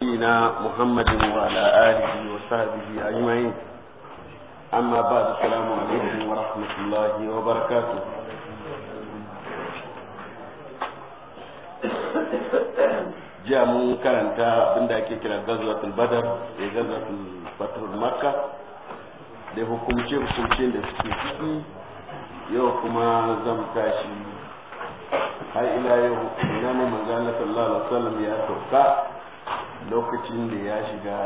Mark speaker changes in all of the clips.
Speaker 1: سيدنا محمد وعلى آله وصحبه أجمعين أما بعد السلام عليكم ورحمة الله وبركاته جاء mun karanta عندك كلا غزوة البدر badar da gazwatul fatul da hukumce hukumcen da suke ciki yau kuma zan tashi har ila yau ina ne manzo Allah sallallahu alaihi wasallam ya tauka lokacin da ya shiga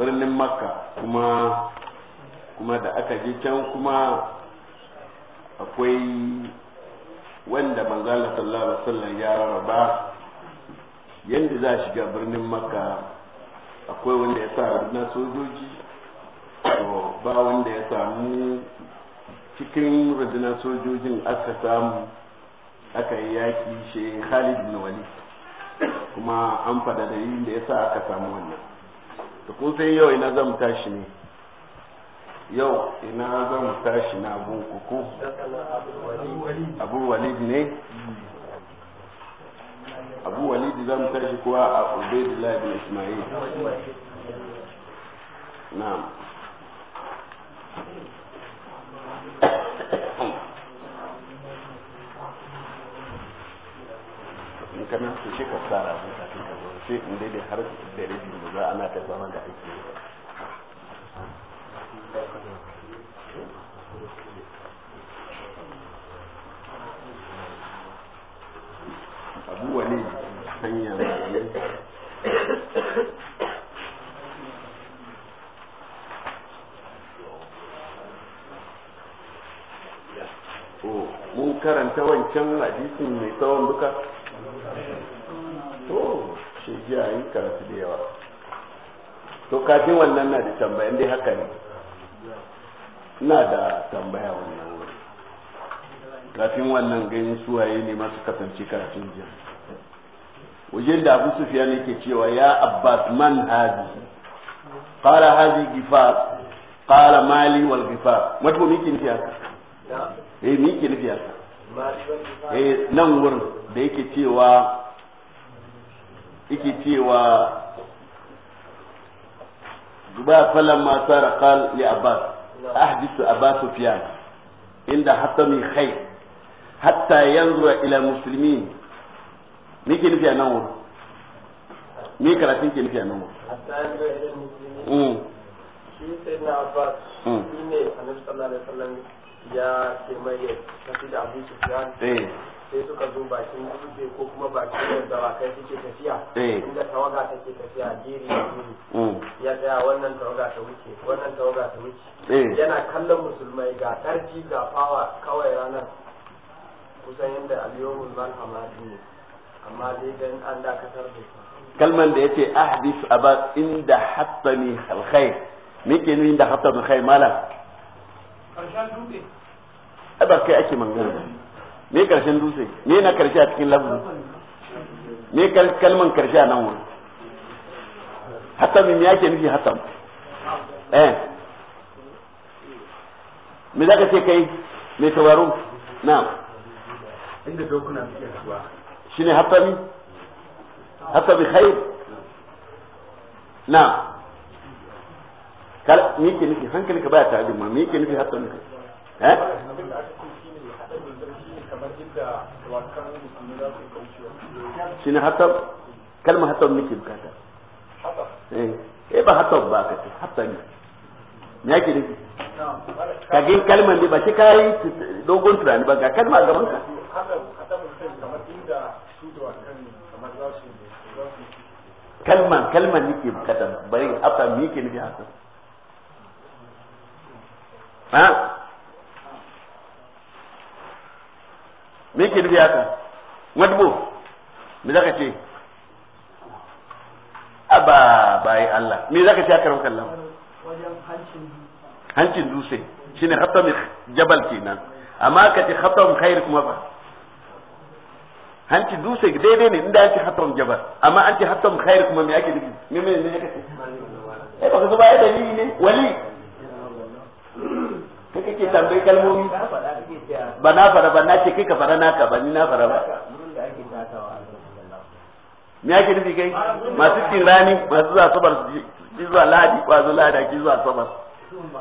Speaker 1: birnin makka kuma kuma da aka ji can kuma akwai wanda manzala sallallahu alaihi wasallam ya rarraba yadda za a shiga birnin makka akwai wanda ya sa na sojoji to ba wanda ya samu cikin rundunar sojojin aka samu aka yi yaki shi khalid na walid kuma an da yin da sa aka samu wannan to kun san yau ina zan tashi ne yau ina zan tashi na abu kuku abu walid ne abu walid zan tashi kuwa a ubaidullahi bin ismail na. ka su shi ka tsara abin kafin ka zo shi in daidai har da rabin da za a na ta zama da ake yi abubuwa ne hanya oh, mun karanta wancan hadisin mai tsawon duka to shi a yi karatu da yawa to kafin wannan na da tambaya dai haka ne na da tambaya wannan wuri kafin wannan ganin suwaye ne masu kasance karatun jiya wajen da abu sufiya ne ke cewa ya abbas man hazi kara hazi gifa kara mali wal gifa mato miki nufiya ka eh miki nufiya ka
Speaker 2: eh nan
Speaker 1: wurin da yake cewa yake cewa ba falan ma sara li abbas ahdisu abbas sufyan inda khai hatta yanzura ila muslimin ke nufi a nan wurin me ke nufi a nan sai suka zo bakin dutse ko kuma bakin da dawakai suke tafiya eh. inda tawaga take tafiya jeri mm. ya tsaya wannan tawaga ta wuce wannan tawaga ta wuce eh. yana kallon musulmai ga ƙarfi ga fawa kawai ranar kusan yadda aliyohun malhamadi ne amma dai dan an dakatar da shi kalman da yace ahdis aba inda hattani alkhair me ke nuni da hattani alkhair mala
Speaker 2: karshen dutse
Speaker 1: ai ba kai ake magana me karshen dutse me na karshe a cikin lafzi me kalman karshe a nan wurin hatsamin ya ke nufi hatsam eh me za ka ce kai mai tauraro na inda dokuna suke shi ne hatsami hatsami kai na kala me yake nufi ka baya tare da mu me ke nufi hatsami kai
Speaker 2: eh shi ne
Speaker 1: hatab kalmar hatab nake bukata eh, eh ba hatab ba ka ce hatab ne me yake nufi
Speaker 2: ka gin kalmar ne ba ki ka yi dogon tunani ba ga kalma a gaban ka
Speaker 1: kalman kalman nake bukata bari hatab me yake nufi hatab ha me ke nufi haka wadbo me zaka ce aba bai Allah me zaka ce akaram rabu kallon hancin dutse shine khatam jabal kenan amma ka ce khatam khair kuma ba hancin dutse daidai ne inda ake khatam jabal amma an ce khatam khair kuma me ake nufi me me ne ka ce eh ba ka ba dalili ne wali kai kake tambayi kalmomi
Speaker 2: ba na fara ba na ce kai ka fara naka ba ni na fara ba
Speaker 1: me ake nufi kai masu cin rani masu zuwa sabar ji zuwa ladi zuwa lada ki zuwa sabar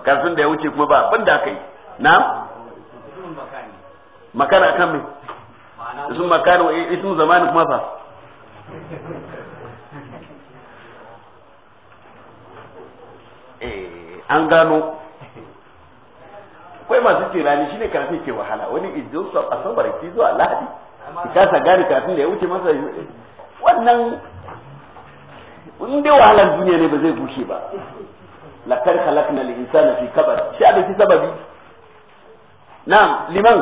Speaker 1: kafin da ya wuce kuma ba abin da kai na makana kan me isun makana isun zamani kuma fa eh, an gano akwai masu ce rani shine karfe ke wahala wani su asabar ki zuwa lahadi ki kasa gane kafin da ya wuce masa wannan inda dai wahalar duniya ne ba zai gushe ba lakar khalaqna al-insana fi kabar shi abin ki sababi na'am liman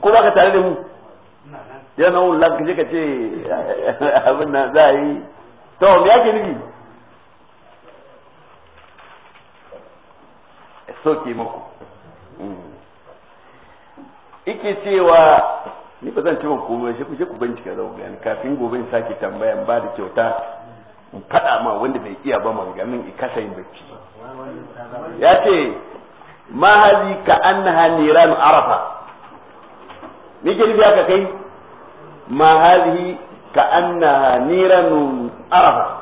Speaker 1: ko ba ka tare da mu yana nan lan kaje ka ce abin nan zai to me yake nufi soke muku ike hmm. cewa ni ba zan cewa komai shi kuje ku bincika zau gani kafin gobe in sake tambaya ba da kyauta in fada ma wanda bai iya ba maganin i kasa yin bacci ya ce ma mahazi ka annaha niran arafa ni ke nufi ka kai ma mahazi ka annaha niran arafa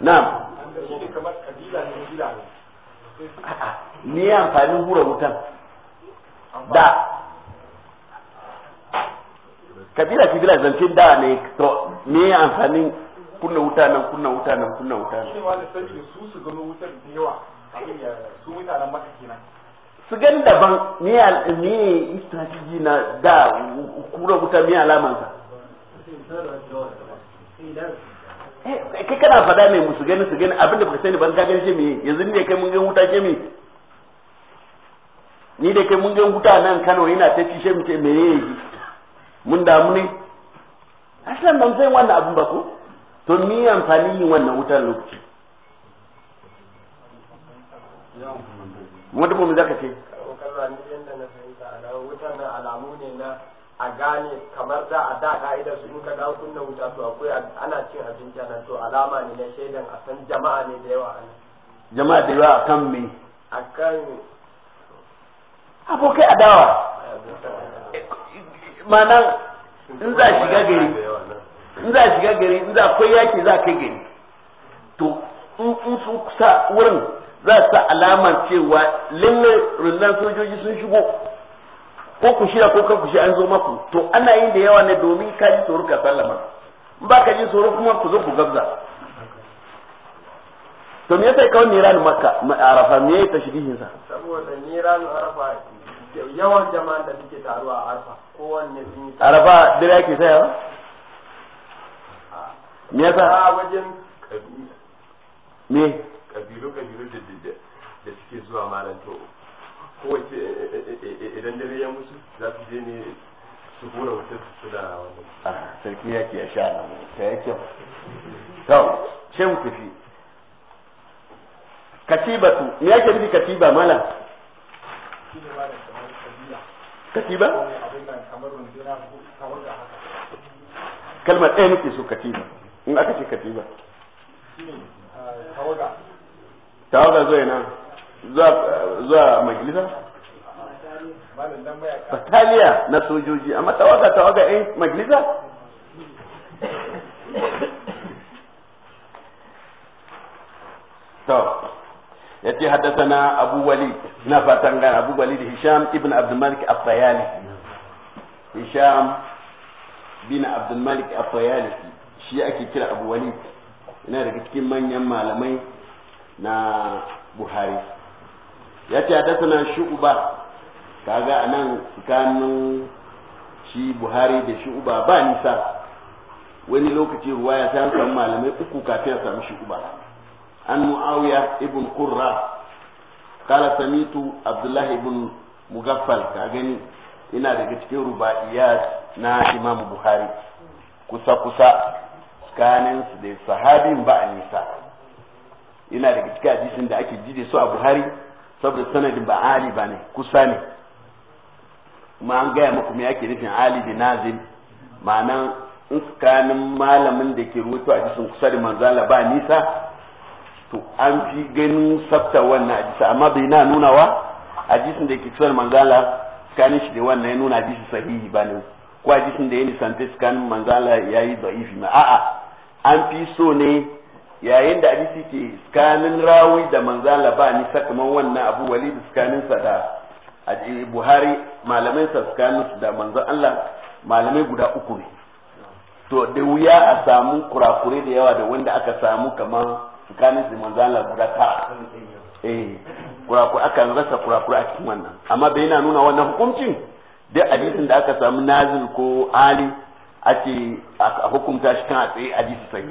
Speaker 1: na'am ne ya amfanin hura wutan da kabila kabila zance da ne me ya amfanin kunna wuta nan kunna wuta nan kunna wuta nan su su gani daban me me strategy na da kura wuta me alamansa
Speaker 2: Eh, kai kana
Speaker 1: faɗa ne musu gani su gani abinda baka sani ban ka gani shi me yanzu ne kai mun ga wuta ke me ni da kai mun ga wuta nan Kano yana ta ci shi mu ce menene ji mun damu ne asalan ban sai wannan abin ba ko to ni amfani yin wannan wutar lokaci mu da mu zaka ce kallon yanda na fahimta alamu ne na a gane kamar da a da ka'idar su in ka dawo kunna wuta to akwai ana cin abinci nan to alama ne na shaidan a san jama'a ne da yawa a
Speaker 2: jama'a da yawa kan
Speaker 1: me a kan abokai adawa ma'ana in za shiga gari in za shiga gari in za akwai yaki za kai gari to in sun kusa wurin za su sa alamar cewa lalle rundunar sojoji sun shigo ko ku shira ko kan shi an zo maku to ana yin da yawa ne domin ka ji tsoro ka sallama in ba ka ji tsoro kuma ku zo ku gabza to me yasa kawai niran makka arafa me yasa tashbihin sa
Speaker 2: saboda niran arafa
Speaker 1: yawan jama'an da suke taruwa a arafa kowanne sun yi arafa dare yake saya me yasa a wajen me kabilu kabilu da da suke zuwa malam to kawai eh, eh, eh, idan dare ya musu za su je ne su kura wuce su da wani a ah, sarki ya ke sha na mu ta ya kyau to ce mu tafi katibatu me yake nufi katiba malam katiba kalmar ɗaya Katiba. so katiba in aka ce katiba
Speaker 2: ah, tawaga
Speaker 1: tawaga zo yana zuwa majalisa
Speaker 2: bataliya
Speaker 1: na sojoji amma tawaga tawaga eh majalisa to haddasa na abu walid na fatan gana abu walid hisham ibn abd malik al hisham bin abd malik al shi ake kira abu walid yana daga cikin manyan malamai na buhari ya ce hadasana shu'uba kaga a nan tsakanin shi buhari da shu'uba ba nisa wani lokaci ruwa ya san samu malamai uku kafin ya samu shu'uba an mu'awiya ibn qurra qala samitu abdullahi ibn mugaffal ka gani ina daga cikin ruba'iyat na imam buhari kusa kusa tsakanin da sahabin ba a nisa ina daga cikin da ake ji da su a buhari saboda sanadin ba ali ba ne kusa ne kuma an gaya muku me ake nufin ali da nazil ma'anan in tsakanin malamin da ke rubutu a jisun kusa da manzala ba nisa to an fi ganin sabta wannan hadisi amma bai na nuna wa hadisin da ke kusa da manzala tsakanin shi da wannan ya nuna hadisi sahihi ba ne ko hadisin da ya nisanta tsakanin manzala ya yi da'ifi ma a'a an fi so ne yayin da abisi ke tsakanin rawi da manzala labani ni sakaman wannan abu wali da sa da buhari malamai sa tsakaninsu da manzan allah malamai guda uku ne to da wuya a samu kurakure da yawa da wanda aka samu kamar tsakanin da manzan allah guda tara eh kurakure akan rasa kurakure a cikin wannan amma bai na nuna wannan hukuncin duk hadisin da aka samu nazil ko ali a ce a hukunta shi kan a tsaye hadisi sai.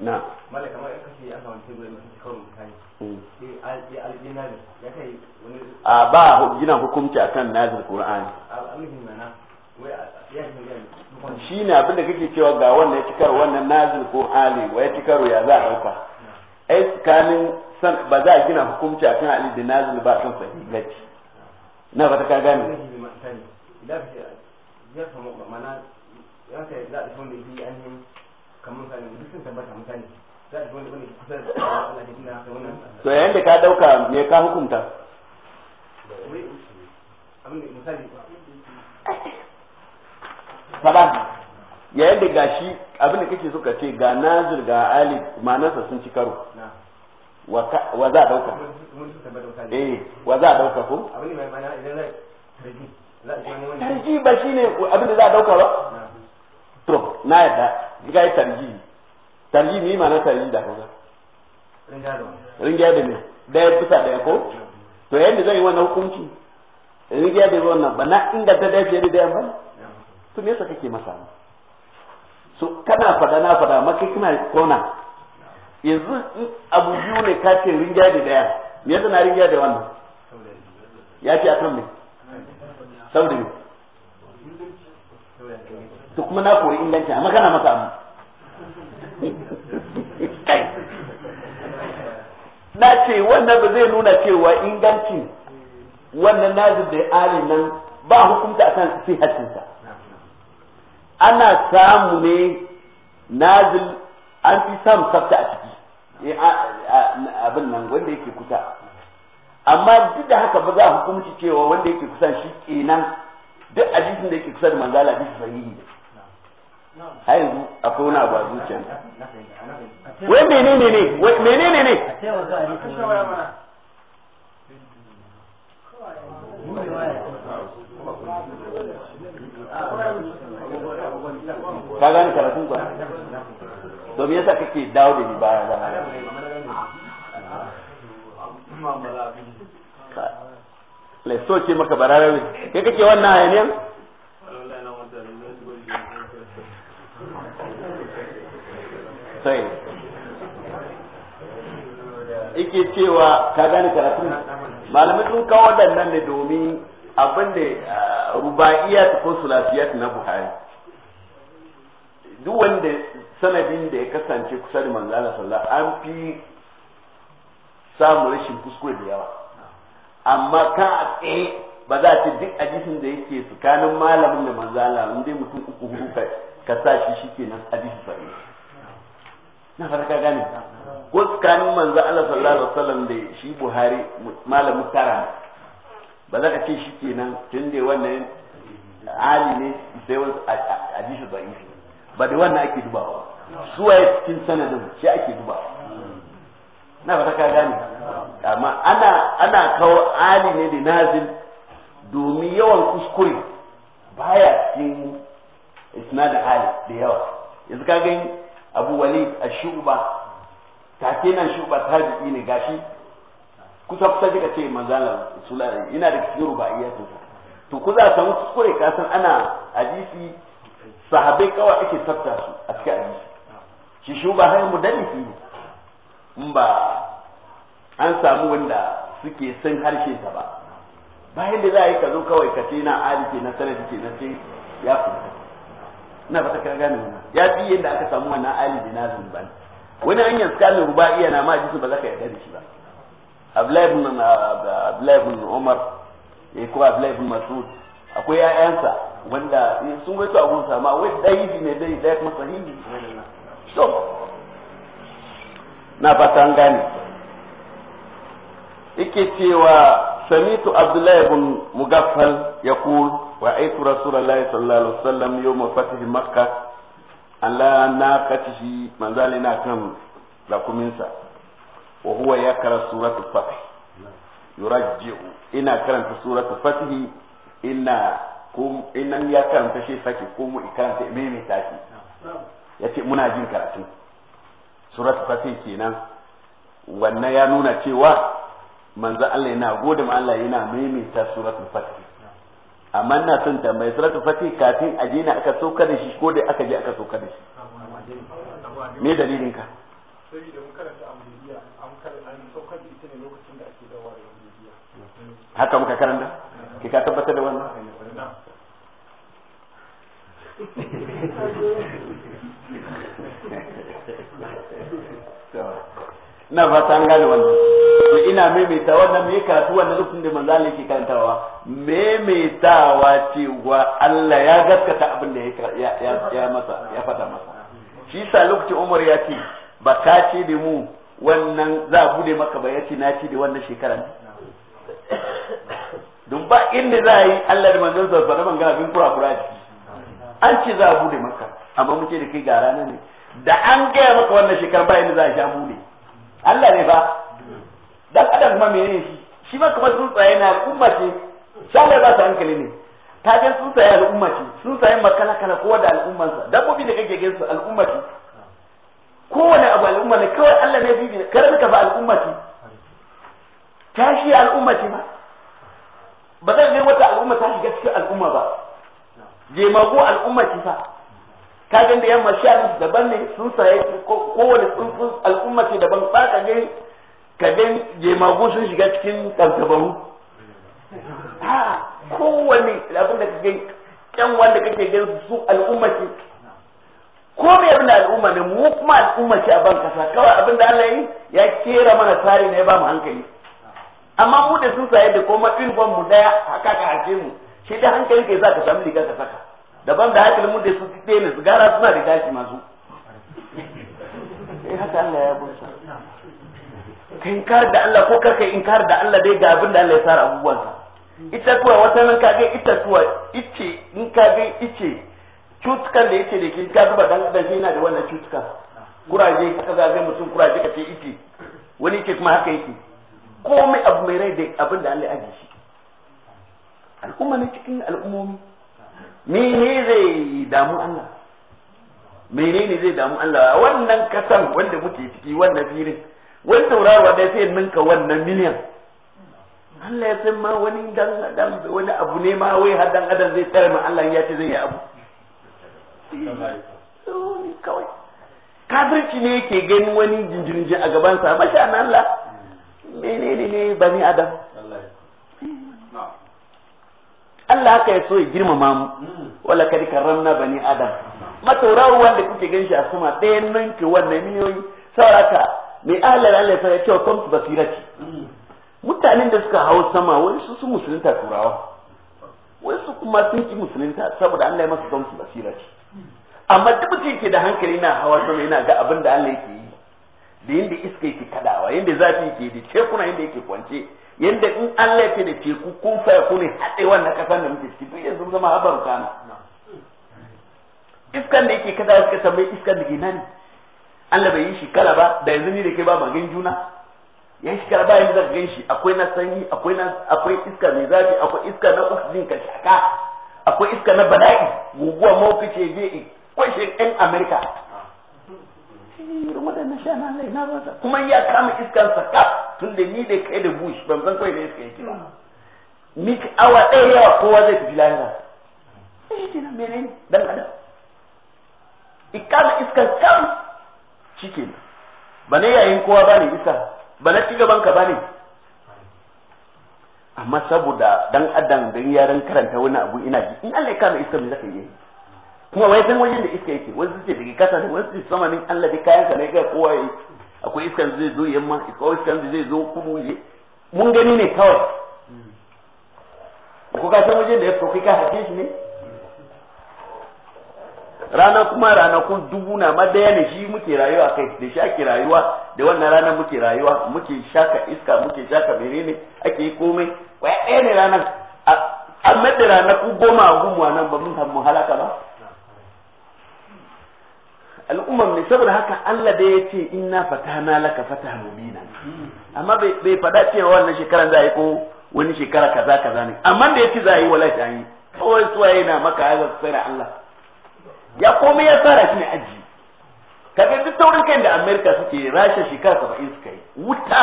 Speaker 2: na mala kamar hmm. eh, ya samu karo kai nazir ya kai wani a
Speaker 1: gina hukunci akan nazir qur'ani
Speaker 2: mana wai ya
Speaker 1: shi ne abinda kake cewa ga wannan wannan nazir ko wa ya cikaro ya za a dauka ai tsakanin ba za a gina hukunci akan ali da nazir ba kan na fata ka gane ya samu mana ya kai da kamar misali duk sun tabbata misali za ka wani wani kusa da Allah ya tuna da wannan to yayin da ka dauka me ka hukunta abin da misali fada yayin da gashi abin da kake so ka ce ga nazir ga Ali ma'anarsa sun ci karo wa za a dauka eh wa za a dauka ko
Speaker 2: tarji ba shine abin da za a dauka ba
Speaker 1: to na yadda ga yi tarji tarji ne ma na tarji da hausa ringa da ne daya bisa daya ko to yadda zai yi wannan hukunci ringa da wannan ba na inganta daya fiye da daya ba to me yasa kake masa so kana fada na fada ma kai kana kona yanzu abu biyu ne ka ce da daya me yasa na ringa da wannan ya ce akan me saboda to kuma na kori inganci amma kana masa abu na ce wannan ba zai nuna cewa ingancin wannan nazir da ali nan ba hukunta akan sihatinsa ana samu ne nazil an fi samu tsafta a ciki eh, abin nan wanda yake kusa amma duk da haka ba za a hukunci cewa wanda yake kusan shi kenan duk hadisin da yake kusa da manzala bisa sahihi ne
Speaker 2: har yanzu akwai wani abu a zuciyar wai menene ne menene ne ka gani karatun ba domin yasa kake dawo da ni baya ba
Speaker 1: lai soke maka bararawe kai kake wannan hayaniyar
Speaker 2: sai yake cewa ka gane karatun malamai
Speaker 1: sun kawo waɗannan ne domin abin da uh, ruba'iyat ko sulasiyat na buhari duk wanda sanadin da ya kasance kusa da manzala sallah an fi samun rashin kuskure da yawa amma kan a tsaye ba za ta duk hadisin da yake tsakanin malamin da manzala in mutum uku hudu ka sa shi nan hadisi sahihi na fara ka gane ko tsakanin manzo Allah sallallahu alaihi wasallam da shi Buhari malamin tara ba za ka ce shi kenan tun da wannan ali ne sai wani hadisi ba yi ba da wannan ake dubawa waye cikin sanadin shi ake dubawa na fata ka gane amma ana ana kawo ali ne da nazil domin yawan kuskure baya cikin isnadin ali da yawa yanzu ka gani abu walid ashuba take nan shuba jiki ne gashi kusa kusa kika ce manzala sulala ina da ba rubaiyatu to ku za a samu kuskure ka san ana hadisi sahabbai kawai ake tsafta su a cikin hadisi shi shuba har mudallisi ne in ba an samu wanda suke san harshe sa ba bayan da za a yi ka zo kawai ka ce na ali na sanadi ke na ce ya fita ina fata ka gane wannan ya fi yadda aka samu wannan ali dinazin ban wani yanzu skalin rubaiya na ma jisu ba za ka yarda da shi ba abdullahi ibn abdullahi ibn umar eh ko abdullahi ibn mas'ud akwai ƴaƴansa wanda sun wato abun sama wai dai ne dai dai kuma sahihi so na fata an gane yake cewa سمعت عبد الله بن مغفل يقول رأيت رسول الله صلى الله عليه وسلم يوم فتح مكة على ناقته من ذلك كم لكم انسى وهو يقرأ سورة الفتح يرجع إن في سورة الفتح إن قوم إن يا كرمت شيء ساكي قوم إكرمت إمامي ساكي يأتي مناجين كراتين سورة الفتح كينا wannan ya nuna cewa manzo Allah yana gode ma Allah yana maimaita suratul fatih amma ina son tambaye suratul fatih kafin a je na aka sauka da shi ko da aka je aka sauka da shi
Speaker 2: me dalilin ka saboda mun karanta amriya an karanta an saukar da ita ne lokacin da ake dawo da amriya
Speaker 1: haka muka karanta ki ka tabbatar da wannan
Speaker 2: So.
Speaker 1: ina fata gane wannan to ina maimaita wannan me karatu wannan rukun da manzo Allah yake karantawa maimaitawa cewa Allah ya gaskata abin da ya ya masa ya fada masa shi sa lokacin Umar ya ce ba ka ce da mu wannan za a bude maka ba ya ce na ce da wannan shekaran don ba inda za a yi Allah da manzo sa fara mangana bin kura-kura jiki an ce za a bude maka amma muke da kai ga ranar ne da an gaya maka wannan shekaran ba inda za a sha bude Allah ne ba dan adam kuma menene shi shi ma sun tsuntsaye na al'umma ce shalar ba su hankali ne ta ga tsuntsaye al'umma ce tsuntsaye makala kala kowa da al'ummansa dabbobi da kake gaisu al'umma ce kowane abu al'umma ne kawai Allah ne bibi karar ka ba al'umma ce tashi al'umma ce ba ba zan ne wata al'umma ta shiga cikin al'umma ba jemago al'umma ce fa ka ga da yamma sha daban ne sun saye kowane tsuntsun al'umma ce daban ba ka gani ka gani jemagu sun shiga cikin tantabaru ko kowane abin da gani kyan wanda kake gani su al'umma ce ko me abin da al'umma ne mu kuma al'umma ce a ban kasa kawai abin da Allah yi ya kera mana tsari ne ba mu hankali amma mu da sun saye da kuma uniform mu daya haka ka haje mu shi da hankali ke za ka samu riga ka saka daban da haƙin mun da su fice ne sigara suna da gashi masu
Speaker 2: eh haka Allah ya bursa
Speaker 1: ka inkar da Allah ko karka inkar da Allah dai ga abin da Allah ya tsara sa ita kuwa wata nan ka ga ita kuwa ice in ka ice cutukan da yake da ke ka zuba dan dan yana da wannan cutukan kuraje ka ga ga mutum kuraje ka ce ice wani ke kuma haka yake komai abu mai rai da abin da Allah ya ajiye shi al'umma ne cikin al'ummomi mene zai damu Allah menene zai damu Allah wannan kasan wanda muke ciki wannan filin wani taurawa da sai ninka wannan miliyan Allah ya san ma wani dan adam wani abu ne ma wai har dan adam zai tsare ma Allah ya ce zai yi abu kawai kafirci ne yake gani wani jinjirin a gaban sa masha Allah menene ne bani adam Allah aka ya so ya girmama mu hmm. wala kad karramna bani adam matauraru wanda kuke ganshi a sama ɗayan nan wannan miliyoyi sauraka mai ahalar Allah sai ya ce kom basira basirati hmm. mutanen da suka hau sama wani su su musulunta turawa wani su kuma sun ki musulunta saboda Allah ya masa su basira basirati hmm. amma duk mutum ke da hankali na hawa sama yana ga abin da Allah yake yi da yanda iska yake kaɗawa, yanda zafi yake da cekuna yanda yake kwance yanda in Allah ya ce da teku kun fa ku ne haɗe wannan kasan da muke ciki duk yanzu zama habaru kana iskan da yake kaza suka tambayi iskan da ke nan Allah bai yi shi kala ba da yanzu ni da ke ba magan juna ya yi shekara yanzu zaka gan shi akwai na sanyi akwai na akwai iska mai zafi akwai iska na oxygen ka shaka akwai iska na bala'i guguwa zai yi kwashe yan amerika irin waɗannan sha na Allah na ba kuma ya kama iskan sa ka tun da ni da kai da bush ban san kai da iska yake ba ni mm. awa ɗaya yawa kowa zai tafi lahira eh mene ne dan adam ikama iskan kam shike ba ne yayin kowa ba ne iska ba na cigaban ka ba ne amma saboda dan adam dan yaran karanta wani abu ina ji in Allah ya kama iska me zaka yi kuma wai san wajen da iska yake wasu ce daga kasa ne wasu ce sama ne Allah da sa ne ga kowa yi akwai iskan zai zo yamma akwai iskan zai zo kuma je mun gani ne kawai ko ka san wajen da ya fito kai ka hake shi ne rana kuma kun dubu na ma daya ne shi muke rayuwa kai da shi ake rayuwa da wannan rana muke rayuwa muke shaka iska muke shaka menene ake yi komai kwaya ɗaya ne ranar an maɗe ranaku goma a nan ba mun halaka ba al'ummar ne saboda haka Allah da ya ce inna fatahna laka fatahan mubina amma bai fada cewa wannan shekaran za a yi ko wani shekara kaza kaza ne amma da ya ce za a yi wala ta kawai suwa yana maka aiwa tsira Allah ya komai ya tsara shi ne aji kaga duk saurin kai da America suke Rasha shekara 70 suka yi wuta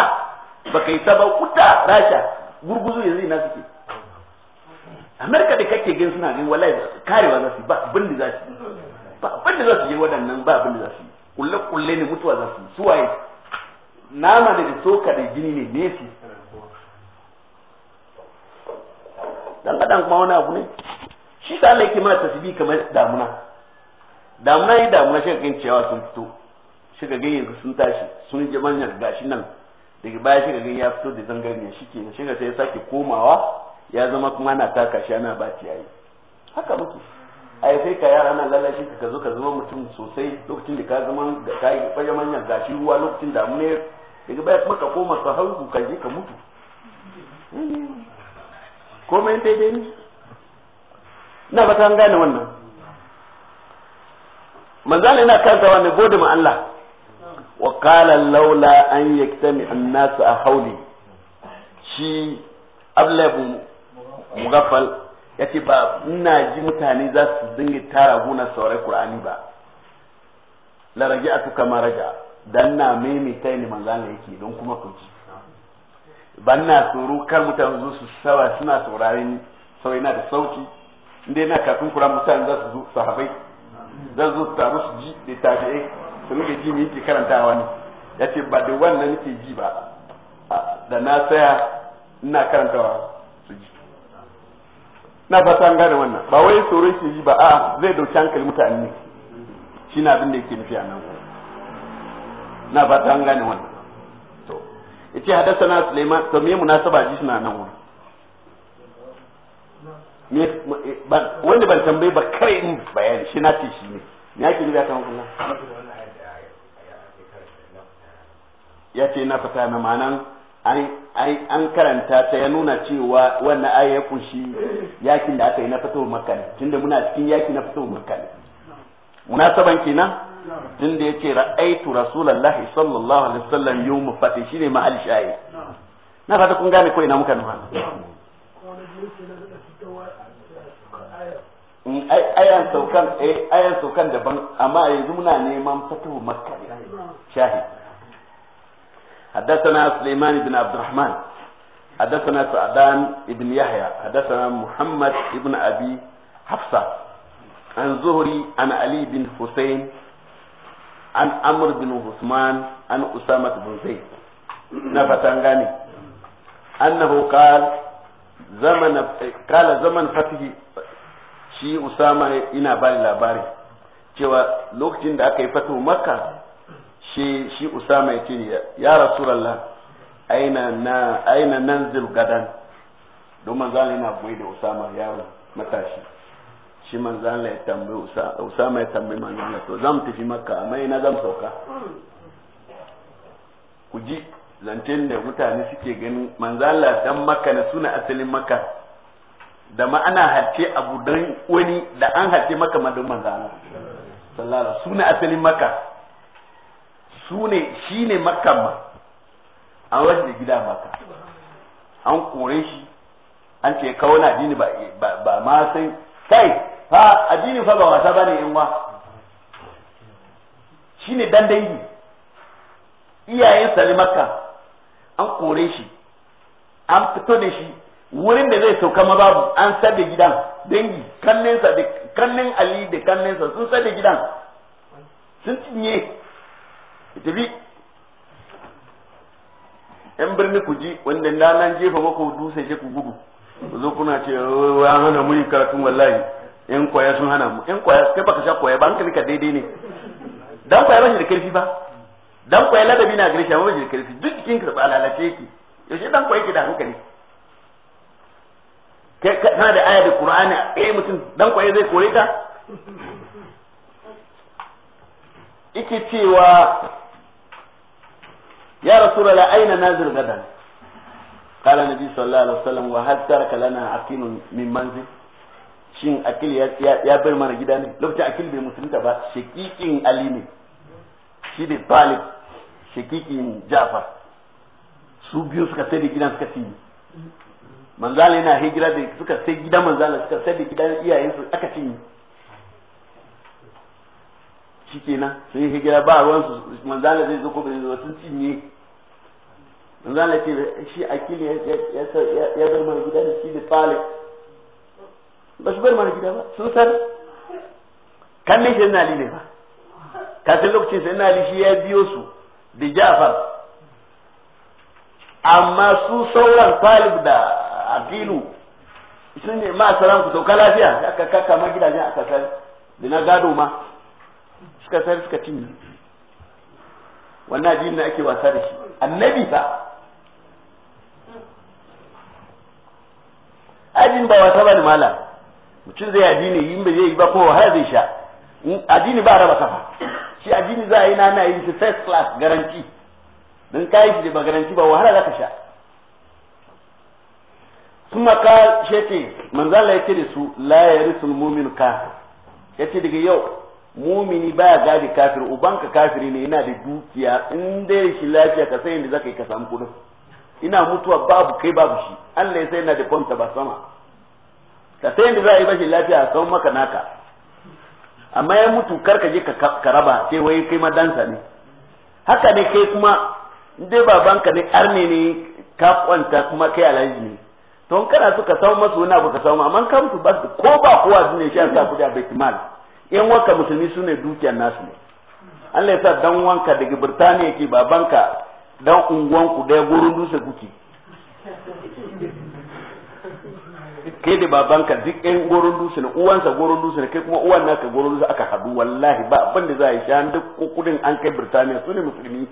Speaker 1: baka yi ta ba wuta Rasha gurguzu yanzu ina suke America da kake gani suna gani wallahi karewa za su ba bindi za su ba abin da za su je waɗannan ba abin da za su yi kulle kulle ne mutuwa za su yi waye nama ne da soka da jini ne su dan kadan kuma wani abu ne shi ta Allah mara mana tasbi kamar damuna damuna yi damuna shi ga cewa sun fito shi ga yanzu sun tashi sun je manyan gashi nan daga baya shi ga ya fito da zangarniya shi ke shi ga sai ya sake komawa ya zama kuma ana taka shi ana ba ciyayi haka muke ai sai ka yara nan lalace ka zo ka zama mutum sosai lokacin da ka zama da ka yi fage manyan gashi ruwa lokacin da ne daga baya kuma ka koma ka hau ka je ka mutu komai daidai ne na ba ta gane wannan manzala ina kanta wa mai gode ma Allah wa qala laula an yaktami an-nas a hauli shi ablabu mugaffal ya ce ba ina ji mutane za su dinga tara gona saurai kur'ani ba la rage a tuka maraja dan na maimaita ne manzana yake don kuma ku ji ban na tsoro kar mutane zo su sawa suna ni sauri na da sauki inda na kafin kuran mutane za su zo sahabai za su zo su taru su ji da tabi'ai su nuka ji mai yake karantawa ne ya ce ba da wannan nake ji ba da na tsaya ina karantawa na fata an gane wannan ba wai tsoro ke ji ba a zai dauki hankali mutane ne shi na abin da yake nufi a nan na fata an gane wannan to yace na Sulaiman to me munasaba ji suna nan wani. me wanda ban tambaye ba kai in bayani shi na ce shi ne me yake nufi akan wannan ya ce na fata na ma'anan an karanta ta ya nuna cewa wannan ayi ya kunshi yakin da aka yi na fito makka ne tunda muna cikin yaki na fito makka ne munasaban kenan tunda yake ra'aitu rasulullahi sallallahu alaihi wasallam mu fati shine mahal shayi na fata kun gane ko ina muka nufa
Speaker 2: ayan saukan
Speaker 1: eh, ayan saukan daban amma yanzu muna neman fito makka ne حدثنا سليمان بن عبد الرحمن حدثنا سعدان بن يحيى حدثنا محمد بن أبي حفصة عن زهري عن علي بن حسين عن أمر بن عثمان عن أسامة بن زيد نفتنغاني أنه قال زمن قال زمن فتح shi أسامة إنا ba labari cewa lokacin da aka yi fatu makka shi shi usama ya ce ya rasulullah aina na aina nanzil gadan don manzan yana goyi da usama yaro matashi shi manzan ya tambayi usama ya tambayi manzan to zan tafi makka amma ina zan sauka ku ji zancen da mutane suke ganin manzala dan maka na suna asalin maka da ma ana harce abu don wani da an hace maka madan manzala sallallahu suna asalin maka su ne shi ne ma an rashi da gida maka an kore shi an ce kawo na addini ba ma sai kai fa addini fa ba wasa bane yan wa shine dan dangi iyayen sa ne makka an kore shi an fito da shi wurin da zai sauka ma babu an sada gidan dangi kannensa da kannin ali da kannensa sun sada gidan sun cinye ki tafi yan birni ku ji wanda na nan jefa mako dutse shi ku gudu ku zo kuna ce wa hana muni yi karatun wallahi yan kwaya sun hana mu yan kwaya kai baka sha kwaya ba hankali ka daidai ne dan kwaya ba shi da karfi ba dan kwaya ladabi na gare shi amma ba shi da karfi duk jikin ka ba lalace yake yaushe dan kwaya yake da hankali kai kana da aya da qur'ani eh mutum dan kwaya zai kore ta yake cewa ya rasulullah aina nazir gadan قال النبي صلى الله عليه وسلم وهل ترك لنا عقيل من shin akil ya bar mana gida ne lokacin akil bai musulunta ba shakikin ali ne shi ne talib su biyu suka sai da gidan suka fi manzala yana hijira da suka sai gidan manzala suka sai da gidan iyayensu aka cinye shikenan sun yi hijira ba ruwan su manzala zai zo bai zuwa sun cinye manzala ce shi akili ya bar mana gida da shi da fale ba su bar mana gida ba sun san kan ne shi nali ne ba kafin lokacin sai nali shi ya biyo su da Ja'far amma su sauran Talib da Aqilu sun ne ma saran ku sauka lafiya aka kaka ma gidajen aka san da na gado ma suka sare suka cinye wannan addini da ake wasa da shi annabi fa addini ba wasa ba ne mala mutum zai addini in ba zai yi ba ko wahala zai sha addini ba raba kafa shi addini za a yi na na yi shi first class garanti Dan kayi shi ba garanti ba wahala za ka sha kuma ka shi ce manzala ya ce da su la ya mumin ka ya ce daga yau mumini ya gadi kafir ubanka kafiri ne yana da dukiya in dai shi lafiya ka sai inda zaka yi ka samu kudin ina mutuwa babu kai babu shi Allah ya sai yana da kwanta ba sama ka sai inda za a yi bashi lafiya a kawo maka naka amma ya mutu kar ka je ka raba sai wai kai ma dansa ne haka ne kai kuma in dai babanka ne arne ne ka kwanta kuma kai alhaji ne to kana so ka samu masu wani abu ka samu amma kan ba ko ba kowa ne shi a sa kudi a baitul yan wanka musulmi su ne dukiyar nasu ne Allah ya sa dan wanka daga Birtaniya ke babanka dan unguwanku daya gurin dusa kuke ke da babanka duk yan gurin dusa ne uwansa gurin dusa ne kai kuma uwan naka gurin dusa aka hadu wallahi ba abin da za a yi shan duk kudin an kai Birtaniya su ne musulmi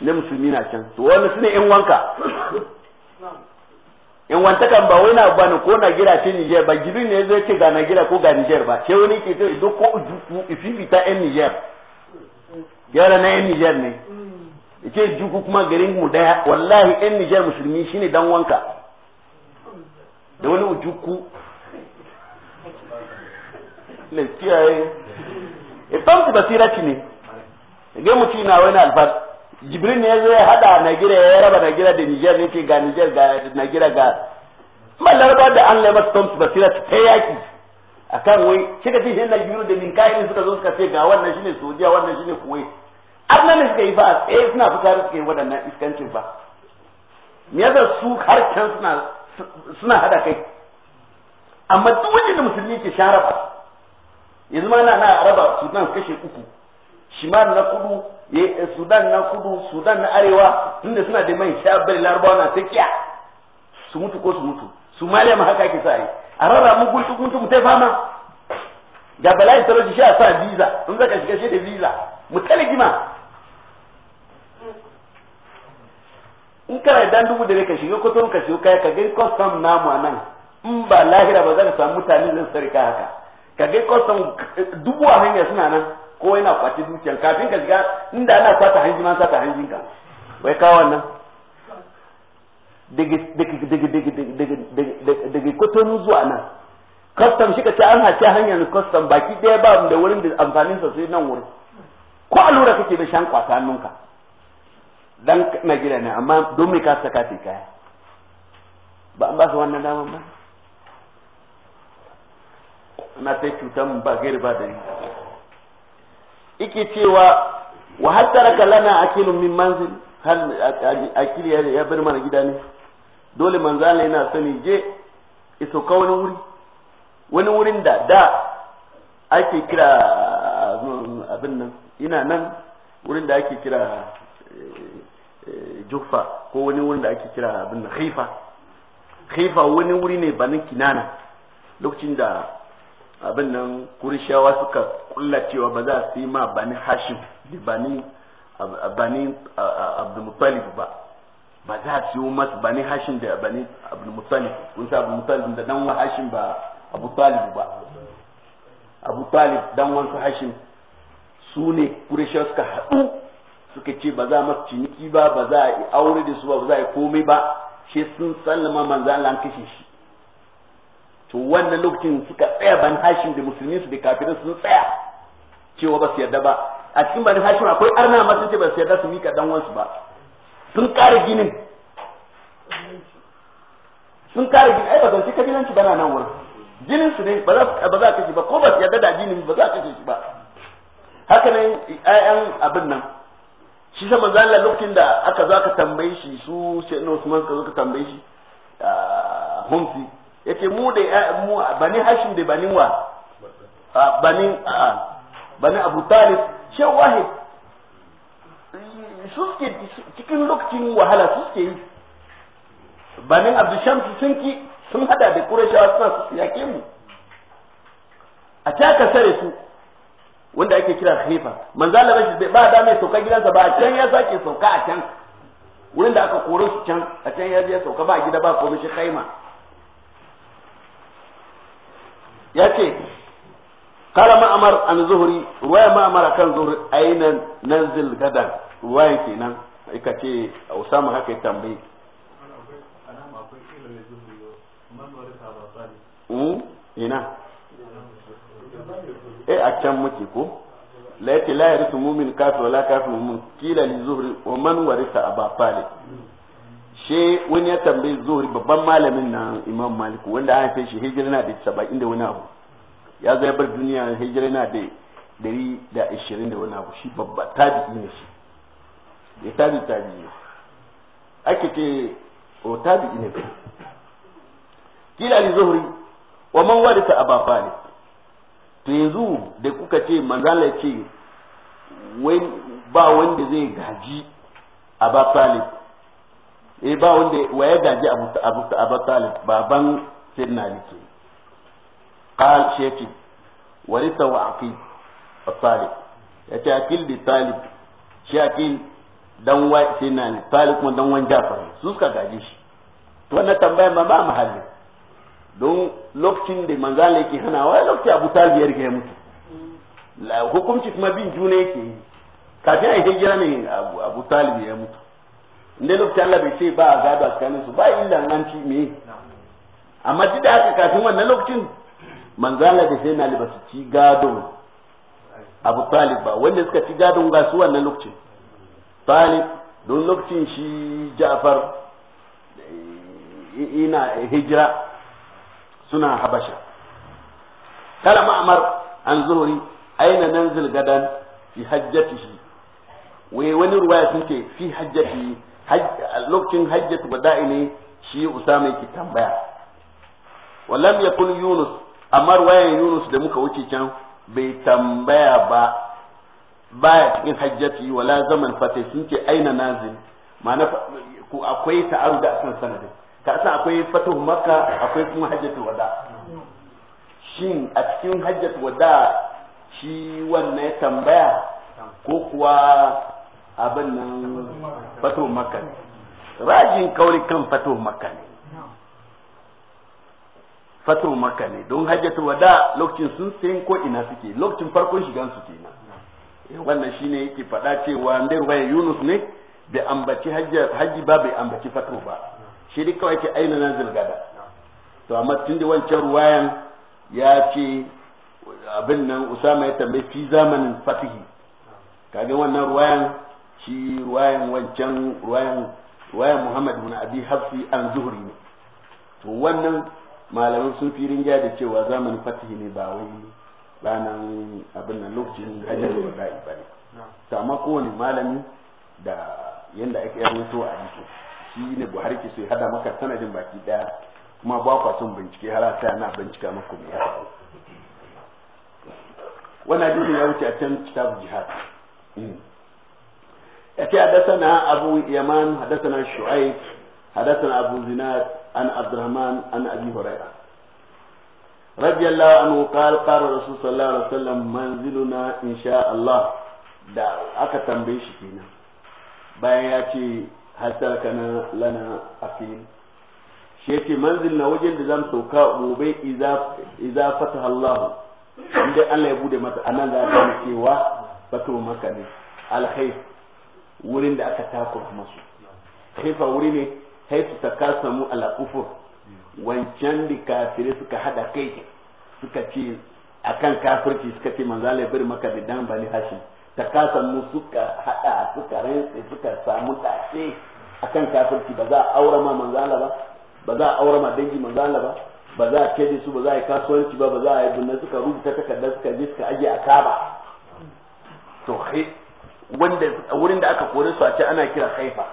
Speaker 1: ne musulmi na can su wani su ne yan wanka in kan ba wai na ba ko na gira ce Niger ba gibin ne zai ce ga na gira ko ga Niger ba ke wani ke zai duk ko bi ta yan Niger gyara na yan Niger ne ke juku kuma garin mu daya wallahi yan Niger musulmi shine dan wanka da wani ujuku ne kiyaye eh. ifan eh, ku basirati ne ga mutum na wani albar jibril ne zai hada gira ya raba gira da niger yake ga niger ga gira ga mallar ba da an laima stomps basira ta yaki akan wai kika ce na biyu da min kai suka zo suka ce ga wannan shine sojiya wannan shine kuwai annan suka yi ba eh suna fitar suka yi waɗannan iskancin ba me yasa su har can suna suna hada kai amma duk wanda musulmi ke sharaba yanzu ma na na araba sudan kashe uku shimar na kudu eh, sudan na kudu sudan na arewa inda suna da mai sha bari larabawa na tsakiya su mutu ko su mutu somaliya ma haka ake sai a rara mu guntu guntu mu ta fama ga bala'i talauci shi a sa visa in zaka shiga shi da visa mu talgima gima in kana dan dubu da ka shiga kwaton ka shiga kaya ka gani custom namu a nan in ba lahira ba za ka samu mutane zan sarka haka ka gani custom eh, dubu a hanya suna nan ko yana kwace dukiyar kafin ka shiga inda ana kwata hanji ma sata hanjin ka wai ka wannan daga kotonu zuwa nan kwastam shi ka ce an hace hanyar kwastam baki ɗaya ba da wurin da amfanin sai nan wurin ko lura kake da shan kwata hannunka dan na gida ne amma don mai ka saka ta kaya ba an ba su wannan daman ba ana sai cutar ba gairi ba da yake cewa wa hattara kalana akilun min manzil hal akili ya bar mana gida ne dole manzala yana sani je iso ka wani wuri wani wurin da da ake kira abin nan ina nan wurin da ake kira jufa ko wani wurin da ake kira abin nan khifa khifa wani wuri ne banin kinana lokacin da abin nan kurishawa suka kulla cewa ba za su yi ma bani hashim da bani bani abdulmutalib ba ba za su yi masu bani hashim da bani abdulmutalib kun sa abdulmutalib da dan wa hashim ba abu talib ba abu talib dan wansu hashim su ne kurishawa suka haɗu suka ce ba za masu ciniki ba ba za a yi aure da su ba ba za a yi komai ba shi sun sallama manzo Allah an kashe shi to wannan lokacin suka tsaya ban hashin da musulmi su da kafirin sun tsaya cewa ba su yarda ba a cikin ban hashin akwai arna ma sun ce ba su yarda su mika dan wansu ba sun kare ginin sun kare ginin ai ba zan ci kabilanci bana nan wurin Ginin su ne ba za ba za kashe ba ko ba su yarda da ginin ba za ka shi ba haka nan ayan abin nan shi manzo Allah lokacin da aka zo aka tambaye shi su sai Usman ka zo ka tambaye shi ah, humsi yace mu da mu bani hashim da bani wa ah, bani ah, bani abu talib shi wahid su suke cikin lokacin wahala su suke yi banin su sun ki sun hada da kurashawa suna su yake mu a ta ka sare su wanda ake kira khalifa manzo Allah bai ba da mai sauka gidansa ba a can ya sake sauka a can wurin da aka kore su can a can ya je sauka ba gida ba komai shi kaima ya ce kala ma'amar an zuhuri ruwaya ma'amar a kan zuhuri ainihin nanzil gadan ruwaya kenan ka ce a usama haka ya tambayi hmm? ina
Speaker 2: e a can muke
Speaker 1: ko la yake la yarisu mumin kafin wala kafir mumin kila li zuhri wa man warisa aba talib she wani ya tambayi zuhri babban malamin na imam malik wanda an haife shi hijira na da saba'in da wani abu ya zai bar duniya hijira na da dari da ashirin da wani abu shi babba tabi'i ne shi ya tabi tabi ne ake ce o oh, tabi'i ne kila li zuhri wa man warisa aba talib to yanzu da kuka ce manzala ce ba wanda zai gaji aba talib eh ba wanda wa ya gaji abu abu talib baban sirna yake qal sheki warisa wa aqil talib yace aqil bi talib shi aqil dan wa sirna ne talib kuma dan wan jafar su suka gaji shi to wannan tambaya ma ba mahalli don lokacin da manzala yake hana wa lokacin abu talib ya rike ya mutu hukumci kuma bin juna yake kafin a yi hijira ne abu talib ya mutu ne lokacin Allah bai ce ba a gado a tsakanin su ba illa an ci me amma duk da haka kafin wannan lokacin manzala da sai na ba su ci gadon Abu Talib ba wanda suka ci gadon ga su wannan lokacin Talib don lokacin shi Ja'far eh, ina eh, hijira suna Habasha kala ma'amar an zuri aina nan gadan fi hajjatihi wai wani ruwaya sun ce fi hajjati lokacin hajjatu wada'i ne shi usama yake tambaya walam ya yakun yunus amma ruwayan yunus da muka wuce can bai tambaya ba baya cikin hajjati wala zaman fatai sun ce aina nazil ma'ana ko akwai ta'aru da akan sanadin ka san akwai fatahu makka akwai kuma hajjatu wada shin a cikin hajjatu wada shi wannan ya tambaya ko kuwa abin nan fato makka ne rajin kauri kan fato makka ne fato makka ne don hajjatu wada lokacin sun sayin ko ina suke lokacin farkon shigan su kenan eh, wannan shine yake faɗa cewa ndai ruwaya yunus ne bai ambaci hajji ba bai ambaci fato ba shi dai kawai ke aina na zirgada to amma tun da wancan ruwayan ya ce abin nan usama ya tambayi fi zamanin fatihi kaga wannan ruwayan shi ruwayan wancan ruwayan ruwayan Muhammad bin Abi Hafsi an zuhri ne to wannan malamin sun fi rinja da cewa zamanin fatihi ne ba wai ranan abin nan lokacin hajjar da ba ba ne to amma kowane malami da yanda ake to a yi shi ne Buhari ke so ya hada maka sanadin baki daya kuma ba kwa sun bincike har sai ana bincika muku ne ya wannan hadisi ya wuce a can kitab jihad hmm. yace hadathana abu yaman hadathana shu'aib hadathana abu zinad an abdurrahman an abi hurairah رضي الله عنه قال قال رسول صلى الله عليه وسلم منزلنا إن شاء الله دا aka tambaye shi kenan bayan ya ce hasar kana lana afil shi yake manzil na wajen da zan sauka gobe iza fata Allah inda Allah ya bude mata anan za a gane cewa maka ne alkhair wurin da aka takura masu haifa wuri ne haifu ta kasamu ala kufur wancan da kafirai suka hada kai suka ce kan kafirci suka ce manzo Allah ya bari maka da dan bani hashi ta kasamu suka hada suka rantsi suka samu dace akan kafirci ba za a aura ma manzo Allah ba ba za a aura ma dangi manzo Allah ba ba za a kaje su ba za a yi kasuwanci ba ba za a yi bunna suka rubuta takardar suka je suka aje a kaba to wanda wurin da aka kore su a ce ana kira haifa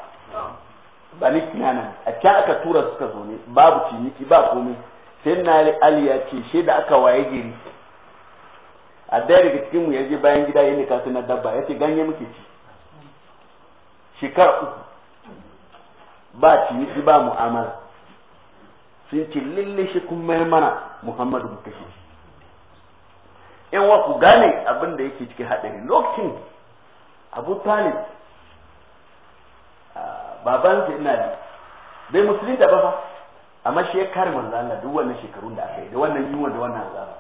Speaker 1: ba ni kinana a ce aka tura suka zo ne babu ciniki ba komai sai na ali ya ce she da aka waye gari a daya daga cikin mu yaje bayan gida yayin da na dabba yace ganye muke ci shekara uku ba ciniki ba mu'amala sun ce lalle shi kun mai mana muhammadu mu kashe in wa ku gane abin da yake cikin haɗari lokacin abu talib baban sa ina da bai musulun da ba fa amma shi ya kare manzo Allah duk wannan shekarun da aka yi da wannan yunwa da wannan azaba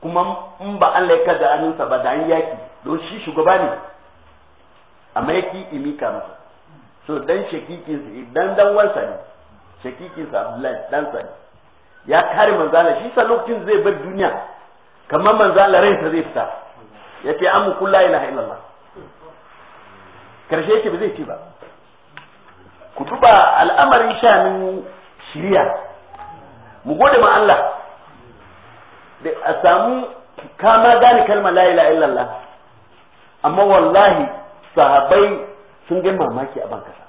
Speaker 1: kuma in ba Allah ya kada annansa ba da an yaki don shi shugaba ne amma imi ka masa so dan shakikin dan dan wansa ne shakikin sa Abdullahi dan sa ne ya kare Allah shi sa lokacin zai bar duniya kamar rai sa zai fita ya ce an mukun la ilaha illallah karshe yake ba zai ce ba ku duba al'amarin shanin shirya mu gode ma Allah da a samu kama gane kalmar la ilaha illallah amma wallahi sahabai sun ga mamaki a bankasa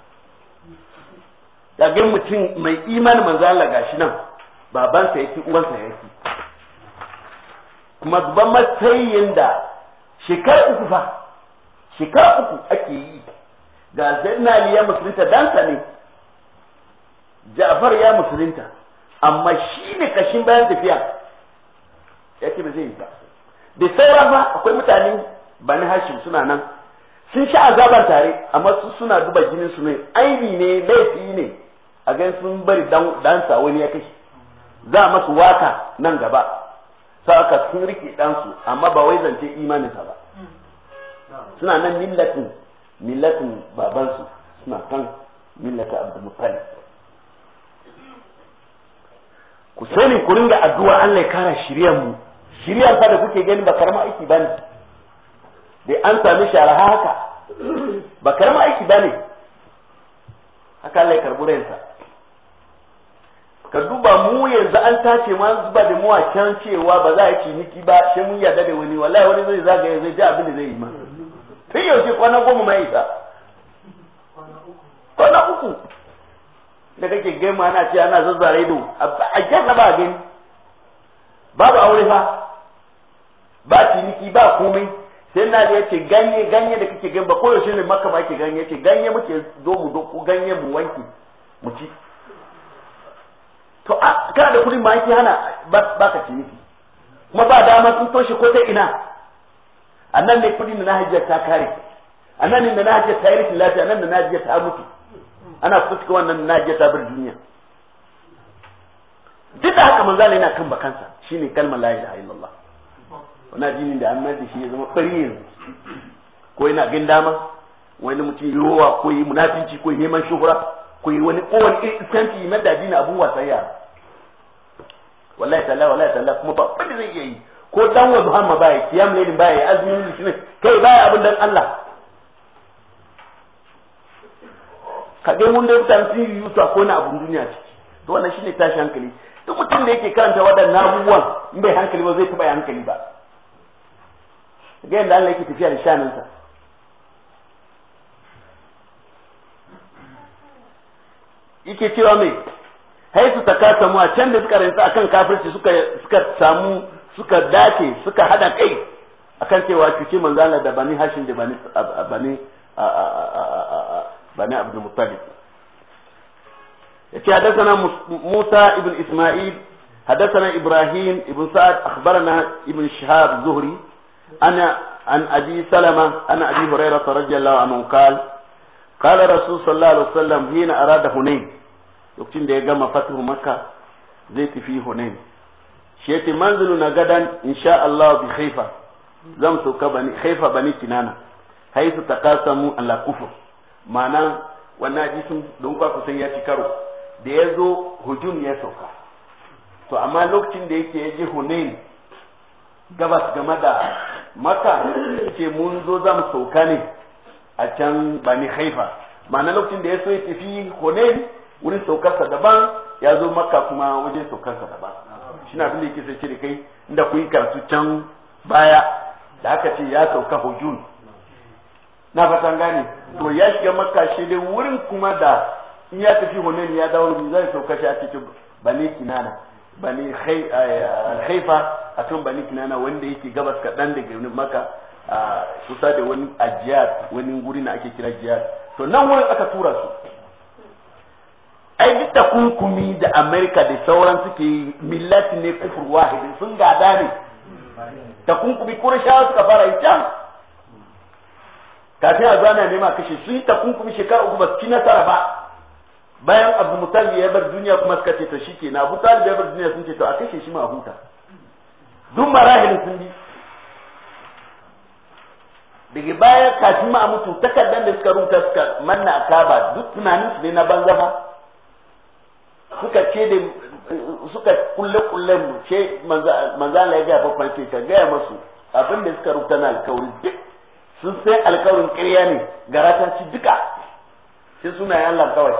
Speaker 1: ga mutum mai imanin manzo Allah gashi nan babansa yake uwansa yake kuma zuban matsayin da shekar uku fa shekar uku ake yi ga zainali ya musulunta dansa ne ja'far ya musulunta amma shi ne kashin bayan tafiya ya ce ba zai yi ba da saura fa akwai mutane bani hashim suna nan sun sha azaban tare amma su suna duba jinin su ne aini ne laifi ne a gan sun bari dansa wani ya kashe za masu waka nan gaba sa aka sun rike ɗansu amma ba wai zance imaninsa ba suna nan millatin millatin babansu suna kan millata abdulmutalib ku sani ku ringa addu'a Allah ya kara shiryan mu shiryan fa da kuke gani ba karma aiki bane da an sami sharaha haka ba karma aiki bane haka Allah ya karbura ransa ka duba mu yanzu an tace ma zuba da mu a can cewa ba za a yi ciniki ba sai mun yarda da wani wallahi wani zai zagaya zai ji abin da zai yi ma tun yaushe kwana goma mai isa kwana uku da kake gaima ana ce ana zazzare ido a kyan ba gani babu aure fa ba ciniki ba komai sai na ya ce ganye ganye da kake gani ba koyaushe ne maka ba ke ganye ce ganye muke zo mu doko ganye mu wanke mu ci kana da kudin ma yake hana ba ka ciniki kuma ba dama sun toshe ko ta ina annan ne kudin da na hajjiyar ta kare annan ne da na hajjiyar ta yi rikin lafiya nan da na hajjiyar ta mutu ana fuska wannan na hajjiyar ta bar duniya duk da haka manzala yana kan bakansa shine kalmar la ilaha illallah wannan addinin da an mai shi ya zama fari yanzu ko yana gin dama wani mutum yowa ko yi munafinci ko yi neman shuhura ko yi wani kowane iskanci na da addini abubuwa wasan yara wallahi talla wallahi talla kuma ba wanda zai iya yi ko dan wa duhan ba baya tiyam ne azmi ne shi ne kai baya abin dan Allah ga mun da mutan sun yi yuta ko na abun duniya ciki to wannan shine tashi hankali duk mutum da yake karanta waɗannan abubuwan in bai hankali ba zai taɓa hankali ba ga yadda Allah yake tafiya da shanansa. yake cewa mai haisu ta ka samu a can da suka rinsa akan kafirci suka suka samu suka dace suka hada kai akan cewa cuce manzala da bani hashin da bani bani bani abdul muttalib yace hadathana musa ibn isma'il hadathana ibrahim ibn sa'ad akhbarana ibn shihab zuhri ana an abi salama ana abi hurairah radiyallahu anhu qala قال رسول sallallahu الله عليه hina ara da هنين lokacin da ya gama fatuhu makka zai tafi hunain shi yace manzilu na gadan insha Allah bi haifa zan sauka bani haifa bani kinana haisu taqasamu ala kufur ma'ana wannan hadisin don kwa kusan ya ci karo da ya zo hujum ya sauka to amma lokacin da yake ya je hunain gabas game da maka ce mun zo za mu sauka ne a can bani haifa ma'ana lokacin da ya so ya tafi hunain wurin saukarsa daban ya zo makka kuma wajen saukarsa daban shi na abin da yake sai kai inda kun yi karatu can baya da aka ce ya sauka hujun na fatan gane to ya shiga makka shi dai wurin kuma da in ya tafi hunain ya dawo bi zai sauka shi a cikin bane kinana bane haifa a kan bane kinana wanda yake gabas kaɗan daga makka kusa da wani ajiyar wani wuri na ake kira jiyar to nan wurin aka tura su ai duk da kunkumi da amerika da sauran suke millati ne kufur wahidin sun gada ne da kunkumi kurashawa suka fara yi can kafin a zana nema kashe sun yi ta kunkumi shekara uku ba su ci nasara ba bayan abu mutalib ya bar duniya kuma suka ce to shike na abu ya bar duniya sun ce to a kashe shi ma huta duk marahil sun bi daga baya kafin ma mutu takardar da suka rubuta suka manna a kaba duk tunanin su ne na banza ba suka ce da suka kulle kulle mu ce manzo Allah ya ga ba kwanci ka gaya masu abin da suka rubuta na alkawari duk sun sai alkawarin ƙarya ne gara ta ci duka sai suna ya Allah kawai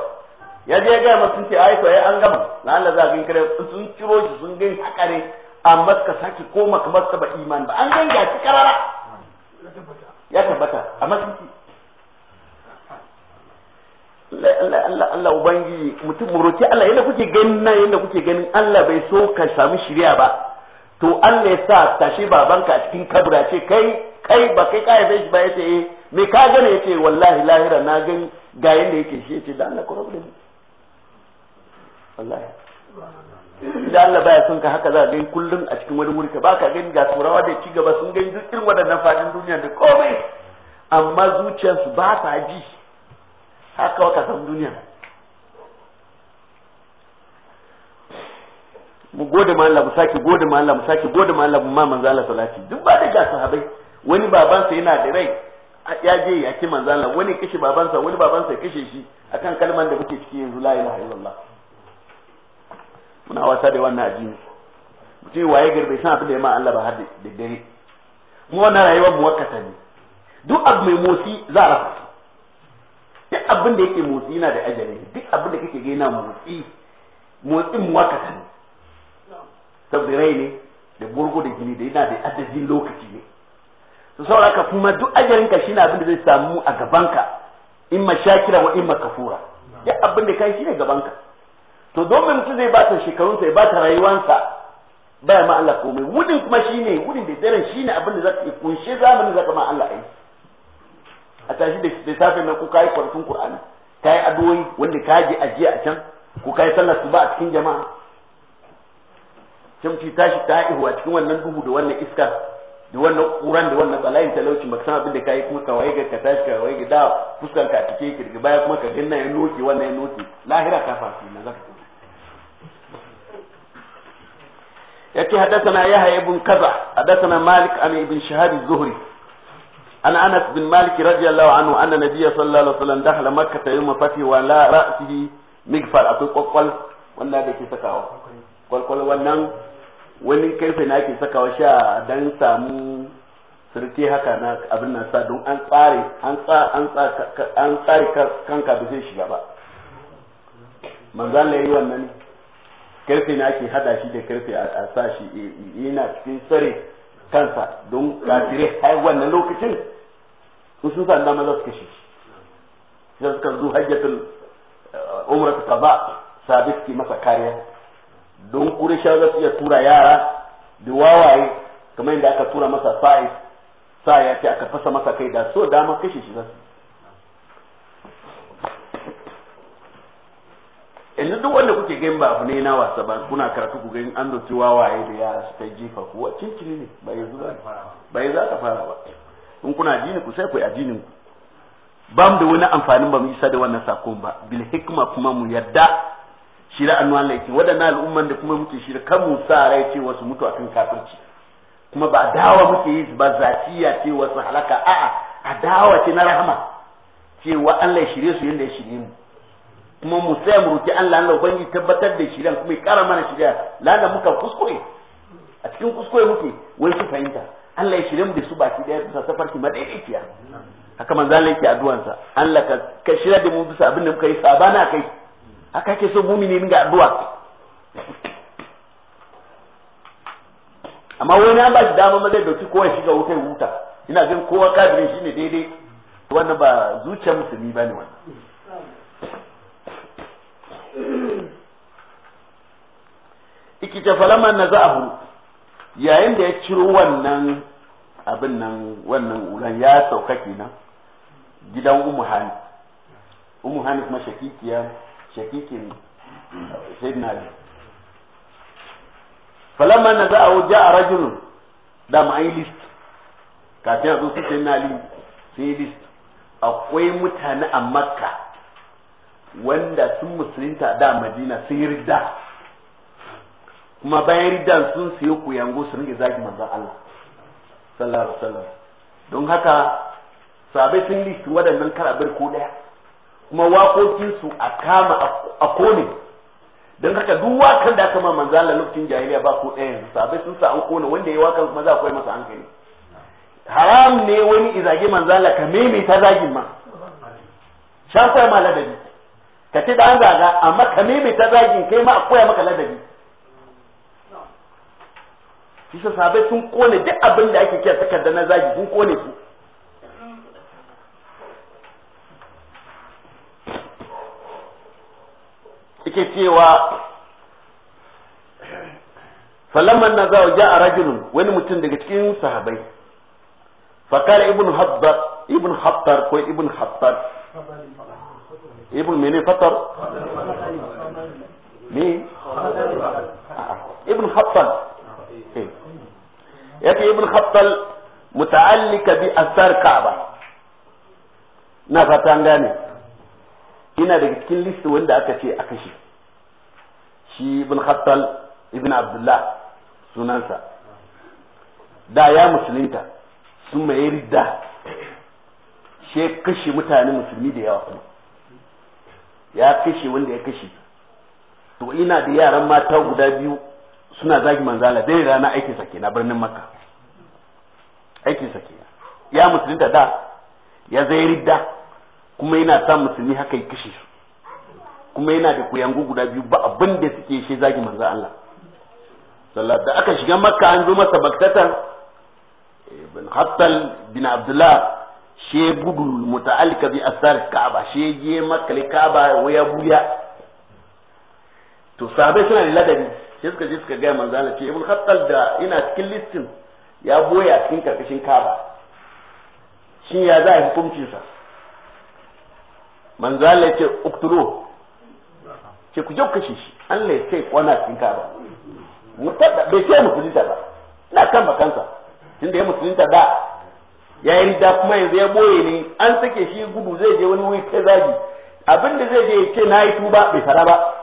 Speaker 1: ya je ya gaya masu ce ai to ai an gama na Allah za ka kare sun ciro shi sun gani haka ne amma suka saki koma kamar ba iman ba an ganga ga shi karara ya tabbata amma sun ci Allah Allah ubangiji mutum roki Allah yanda kuke ganin nan yanda kuke ganin Allah bai so ka samu shiriya ba to Allah ya sa tashi babanka a cikin kabura ce kai kai ba kai kai bai shi ba yace eh me ka gane yace wallahi lahira na gani ga yanda yake shi yace da Allah ku rabu ne wallahi idan Allah baya son ka haka za ka kullum a cikin wani mulki ba ka gani ga turawa da ci gaba sun gani duk irin waɗannan fadin duniya da komai amma zuciyarsu ba ta ji haka waka san duniya mu gode ma Allah mu sake gode ma Allah mu sake gode ma Allah mu ma manzo Allah salati duk ba da ga sahabbai wani babansa yana da rai ya je ya ki manzo Allah wani kishi babansa wani babansa ya kishe shi akan kalman da muke ciki yanzu la ilaha illallah muna wasa da wannan addini mutum waye garbe san abin da ya ma Allah ba har da dare mu wannan rayuwar mu wakata ne duk abu mai motsi za a rasa duk abin da yake motsi na da ajali duk abin da kake gina motsi motsin wakata ne tabirai ne da burgo da gini da yana da adadin lokaci ne su saboda ka kuma duk ajarinka shine abin da zai samu a gabanka in ma shakira wa in ma kafura duk abin da kai shine gabanka to domin mutum zai bata shekarunsa ya bata rayuwansa baya ma Allah komai wudin kuma shine wudin da daren shine abin da zaka kunshe zamanin zaka ma Allah aiki a tashi da safin nan ko kai kwarfin qur'ani kai addu'o'i wanda ka ji ajiya a can ko kai sallar ba a cikin jama'a
Speaker 2: can ki tashi ta a
Speaker 1: cikin wannan duhu da wannan iska da wannan ƙuran da wannan bala'in talauci baka san abin da kai kuma ka waye ga ka tashi ka waye ga da fuskar ka cike kirgi baya kuma ka ganna ya noke wannan ya noke lahira ka fasu na zaka يأتي حدثنا يحيى بن كذا حدثنا malik ibn shahab az zuhri. عن انس بن مالك رضي الله عنه ان النبي صلى الله عليه وسلم دخل مكه يوم فتح ولا راسه مغفر اكو ققل wannan da ke sakawa kwalkwal wannan wani kaife na ke sakawa sha dan samu sirke haka na abin nan sa don an tsare an tsare an tsare kanka da zai shiga ba manzan layi wannan karfe na ake hada shi da karfe a sa shi yana cikin tsare kansa don kafire har wannan lokacin su sun san dama za su shi sai suka zo hajjatul eh, umrat qada sabi suke masa kariya don kurisha za su iya tura yara da wawaye kamar yadda aka tura masa sa'i sa ya ce aka fasa masa kai da so dama kashe shi za su yanzu duk wanda kuke gani ba abu na wasa ba kuna karatu ku gani an doki wawaye da yara su ta jefa ko cincin ne ba yanzu za ka fara ba in kuna addini ku sai ku yi addinin ku ba mu da wani amfanin ba mu isa da wannan sakon ba bil hikma kuma mu yadda shira annuwan laifi waɗannan al'umman da kuma muke da kan mu sa rai ce wasu mutu akan kafirci kuma ba dawa muke yi ba zatiya ce wasu halaka a'a dawa ce na rahama cewa Allah ya shirye su yanda ya shirye mu kuma mu sai mu roki Allah Allah ubangi tabbatar da shirya kuma ya kara mana shirya lalla muka kuskure a cikin kuskure muke wai su fahimta Allah ya shirye mu da su baki daya bisa tafarki madaidaiciya haka manzan yake addu'ansa Allah ka ka shirya da mu bisa abin da muka yi sabana kai haka ke so mumini ga addu'a amma wani an ba shi dama ma zai dauki kowa shiga wuta wuta ina jin kowa shi shine daidai wannan ba zuciyar musulmi bane wannan ikita falama na za'ahu yayin da ya ciro wannan abin nan wannan ulan ya sauka kenan gidan umu hani umu hani kuma shakikiya shakikin sayyidina ali falamma na za a wuja a rajulun da ma'ai list kafin a zo su sayyidina ali sai list akwai mutane a makka wanda sun musulunta da madina sun yi rida kuma bayan riddan sun siyo kuyango su rike zagi manzon Allah sallallahu alaihi wasallam don haka sabai sun listin waɗannan karabar ko daya kuma waƙoƙin su a kama a kone don haka duk wakan da aka ma manzon Allah lokacin jahiliya ba ko daya sabai sun sa an kone wanda ya wakan kuma za a koyi masa hankali haram ne wani izage manzon Allah ka maimaita zagin ma shan koya ma ladabi ka ce da an zaga amma ka maimaita zagin kai ma a koya maka ladabi shi sa sabai sun kone duk abin da ake kira takarda na zagi sun kone su yake cewa falamman na zawo ja a rajinun wani mutum daga cikin sahabai fakar ibn habbar ibn habbar ko ibn habbar ibn mene fatar me ibn habbar yake ibn khattal muta'allika bi asar ka'aba na fata an gane ina daga cikin list wanda aka ce a kashe shi ibn khattal ibn abdullah sunansa da ya musulunta sun mai ridda she kashe mutane musulmi da yawa kuma ya kashe wanda ya kashe to ina da yaran mata guda biyu suna zagi manzala dai rana aikin sa kenan birnin makka aikin sa ya musulunta da ya zai ridda kuma yana sa musulmi haka ya kishi su kuma yana da kuyangu guda biyu ba abin da suke shi zagi manzo Allah sallallahu da aka shiga makka an zo masa baktatan ibn hattal bin abdullah she gudu muta'allika bi asar ka'aba she je makka ka'aba waya buya to sahabbai suna da ladabi sai suka je suka gaya manzana ce ibn khattal da ina cikin listin ya boya cikin karkashin kaba. shin ya za a hukuncin sa Manzala ya ce uktulu ce ku je shi Allah ya ce kwana cikin kaba. mutadda bai ce musulunta ba na kan bakansa tunda ya musulunta da ya yi da kuma yanzu ya boye ne an sake shi gudu zai je wani wuri kai zagi abin da zai je ya ce na yi tuba bai fara ba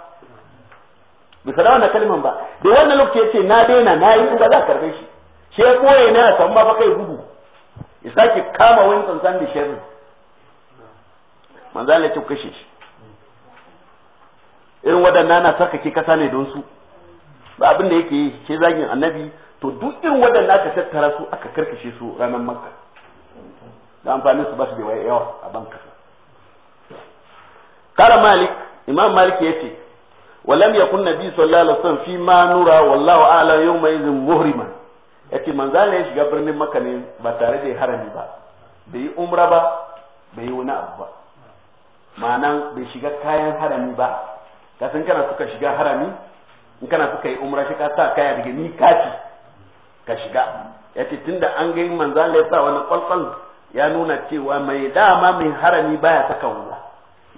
Speaker 1: Bisa da wannan kalmar ba da wannan lokaci ya ce na daina na yi ba za a karbe shi shi ya koye na ya ba kai gudu ya sake kama wani tsantsan da shirin manzan ya ce kashe shi irin waɗannan na sarkake kasa ne don su ba abin da yake yi shi zagin annabi to duk irin waɗannan aka tattara su aka karkashe su ranar makka da amfanin su ba su da yawa a banka kara malik imam malik ya ce walam kunna bi sallallahu alaihi wasallam fi ma nura wallahu a'lam yawma idhin muhrima yace manzo Allah ya shiga birnin Makka ne ba tare da harami ba bai yi umra ba bai yi wani abu ba ma'anan bai shiga kayan harami ba ka san kana suka shiga harami in kana suka yi umra shi ka sa kaya daga ni kaci ka shiga yace tunda an ga manzo Allah ya sa wani kwalkwal ya nuna cewa mai dama mai harami baya saka wula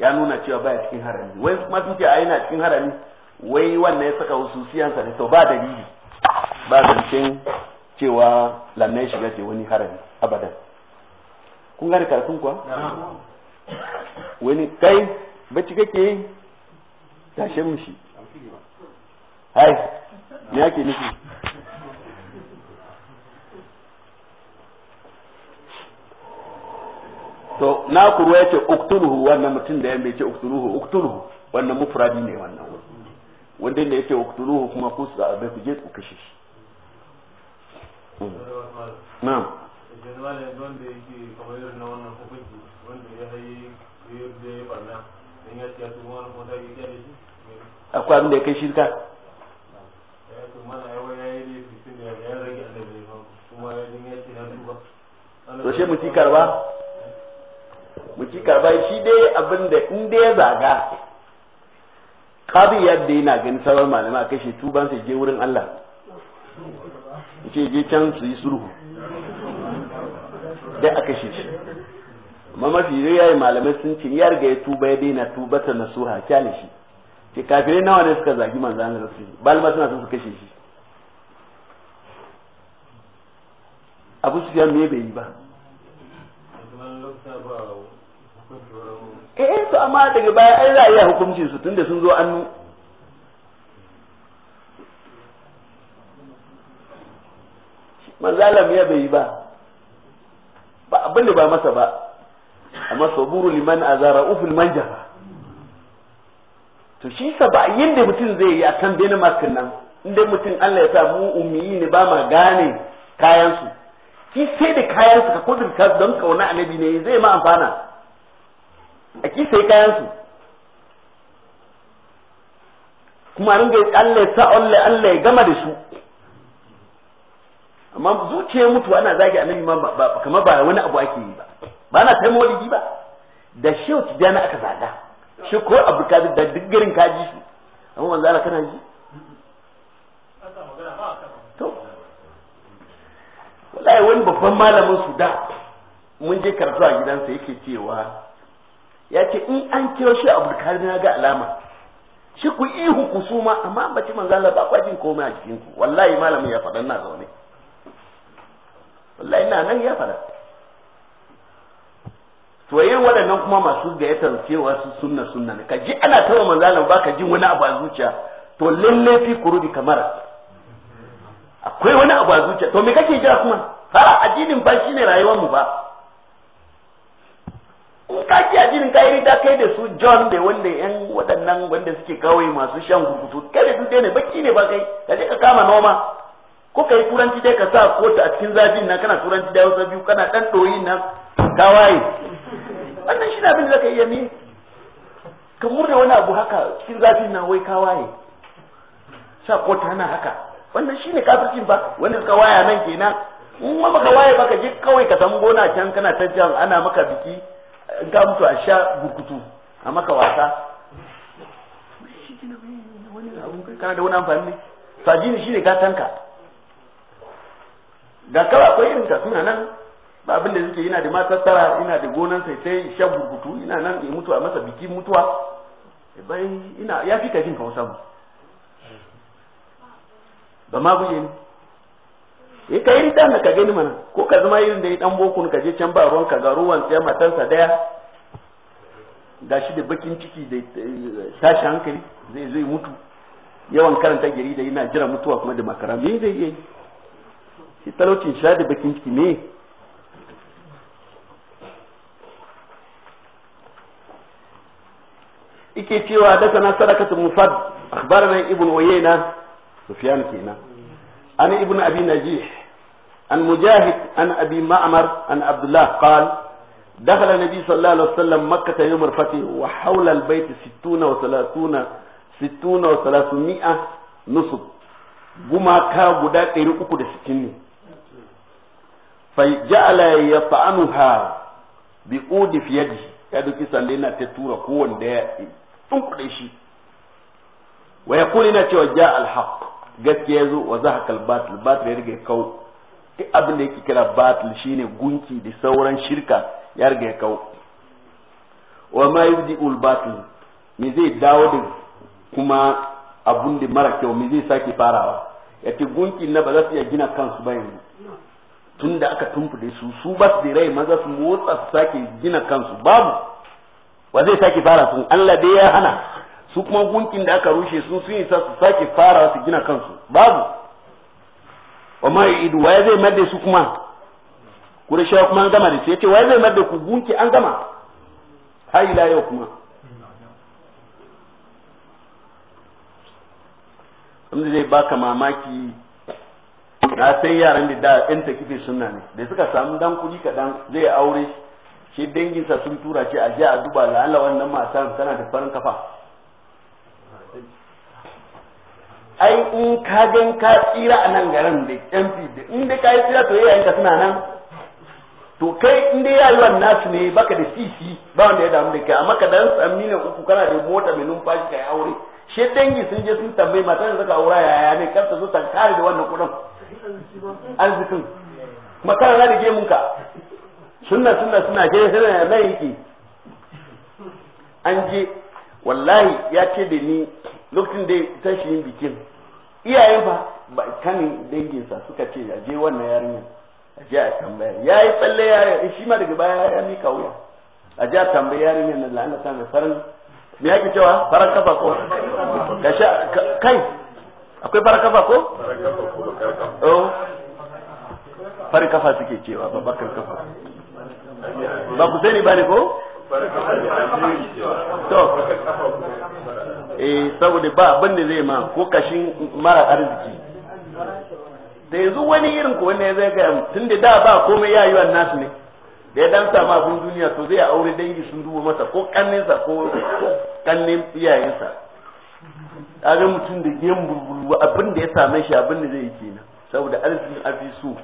Speaker 1: ya nuna cewa baya cikin harami wai kuma tuke a yana cikin harami wai wannan ya saka siyansa ne to ba dalili ba zancen cewa ya shiga ce wani harami abadan kun gane karatun kuwa wani kai bacci kake yi tashe mushi hai me ake nufi to na kurwa yace uktuluhu wannan mutum da ya uktuluhu uktuluhu wannan mufradi ne wannan wanda ne yake uktuluhu kuma ku sa abai ku je ku kashe shi na'am akwai abin da ya kai shirka to mutu muki karba shi dai abin da in dai ya zaga kabi yadda yana ganin sauran malama kai shi tuban sai je wurin Allah yace je can su yi sulhu
Speaker 2: dai aka shi shi
Speaker 1: amma mafi yayi malamai sun ce ya riga ya tuba ya daina tuba ta nasuha kyale shi ce kafirai nawa ne suka zagi manzan Allah rasu balma suna son su kashe shi Abu Sufyan me bai yi ba eh to amma daga baya ai za a iya hukuncin su tunda sun zo annu manzalam ya bai ba ba abin da ba masa ba amma saburu liman azara ufil manja to shi sa ba yadda da mutum zai yi a kan Denmark nan inda mutum Allah ya sa mu ummi ne ba ma gane kayansu shi sai da kayan ka kudurta don kauna annabi ne zai ma amfana a ki sai kayan su kuma ringa Allah ya sa Allah Allah ya gama da su amma zuciyar mutu ana zagi annabi ma ba kamar ba wani abu ake yi ba ba na kai mawlidi ba da shehu tijana aka zaga shi ko abu ka da duk garin ka ji shi amma manzo Allah kana ji to wallahi wani babban malamin su da mun je karatu a gidansa yake cewa ya ce in an kiro shi abulkari na ga alama shi ku ihu ku suma amma bace manzo Allah ba kwa jin komai a cikin ku wallahi malamin ya faɗa na zaune wallahi na nan ya faɗa to yin waɗannan kuma masu gayyatar cewa su sunna sunna ne ka ji ana tawa manzo Allah ba ka jin wani abu a zuciya to lalle fi kurudi kamara akwai wani abu a zuciya to me kake jira kuma fara addinin ba shine rayuwar mu ba in ka ki ajin ka yi da kai da su John da wanda yan waɗannan wanda suke kawai masu shan gurgutu kai da su ne baki ne ba kai ka je ka kama noma ko kai turanci dai ka sa kota a cikin zafin nan kana turanci da wasu biyu kana dan doyin nan ka waye wannan shi na abin da ka iya ni ka murna wani abu haka cikin zafin nan wai ka waye sa kota ana haka wannan shine kafircin ba wanda suka waya nan kenan in ma baka waye ka je kawai ka samu gona can kana ta ana maka biki ga mutu a sha gurkutu a maka wasa kana da wani amfani ne to addini shine gatanka da kawai akwai irin ka suna nan ba abin da zuke yana da matar tara yana da gonan sai sai shan gurkutu yana nan ya mutu a masa biki mutuwa bai ina ya fi ka jin ba ma guje ne Eh, ka yi rita na ka gani mana ko ka zama irin da ya dan bokun ka je can ba ruwan ka ga ruwan sai matansa daya shi da bakin ciki da tashi hankali zai zai mutu yawan karanta da yana jira mutuwa kuma da makara me zai yi shi talaucin sha da bakin ciki me ike cewa da sana sadakatu mufad akhbarana ibnu uyayna sufyan kenan عن ابن أبي نجيح عن مجاهد عن أبي معمر عن عبد الله قال دخل النبي صلى الله عليه وسلم مكة يوم الفتح وحول البيت ستون وثلاثون ستون وثلاثمائة نصب gumaka guda ɗari uku da sittin ne fai ja'ala ya ta'anuha bi udi fiyadi ya duki sanda yana ta tura kowanne ya na cewa ja alhaq gaskiya zo wa za ka batil batil ya rage kau duk abin da yake kira batil shine gunki da sauran shirka ya rage kau wa ma ul batil me zai dawo da kuma abun da mara kyau me zai sake farawa ya ce gunki na ba za su iya gina kansu ba yanzu tun da aka tumfude su su ba su da rai maza su motsa su sake gina kansu babu wa zai sake fara sun Allah dai ya hana su kuma gunkin da aka rushe su sun sa su sake fara su gina kansu babu amma idu waye zai madde su kuma shi kuma an gama da su yace waye zai madde ku gunki an gama hayi la yau kuma wanda zai baka mamaki na san yaran da da ta kife sunna ne da suka samu dan kuɗi kaɗan zai aure shi danginsa sun tura ce a jiya a duba la'alla wannan matan tana da farin kafa ai in ka gan ka tsira a nan garin da yan da in dai ka yi tsira to yayin ka suna nan to kai in dai yayuwan nasu ne baka da sisi ba wanda ya damu da kai amma ka dan san miliyan uku kana da mota mai numfashi kai aure she dangi sun je sun tambayi matan da suka aura yaya ne kar ta zo ta kare da wannan kudin arzikin makara na da gemun ka sunna sunna suna je suna nan yake an je wallahi ya ce da ni lokacin da tashi yin bikin iyayen fa kanin danginsa suka ce a je wannan yarinya a je a tambaya ya yi tsalle yarinya shi ma daga baya ya mika wuya a je a tambaya yarinya na la'ana ta mai farin me yake cewa farar kafa ko kai akwai farar kafa ko oh kafa suke cewa ba bakar kafa ba ku sani ba ne ko to eh saboda ba abin da zai ma ko kashin mara arziki da yanzu wani irin ko wanda zai ga tun da da ba komai ya yi nasu ne da ya dansa ma abin duniya to zai aure dangi sun duba masa ko kanninsa ko kannin iyayensa ga mutum da gem bulbulu abin da ya same shi abin da zai yi kenan saboda arzikin afi so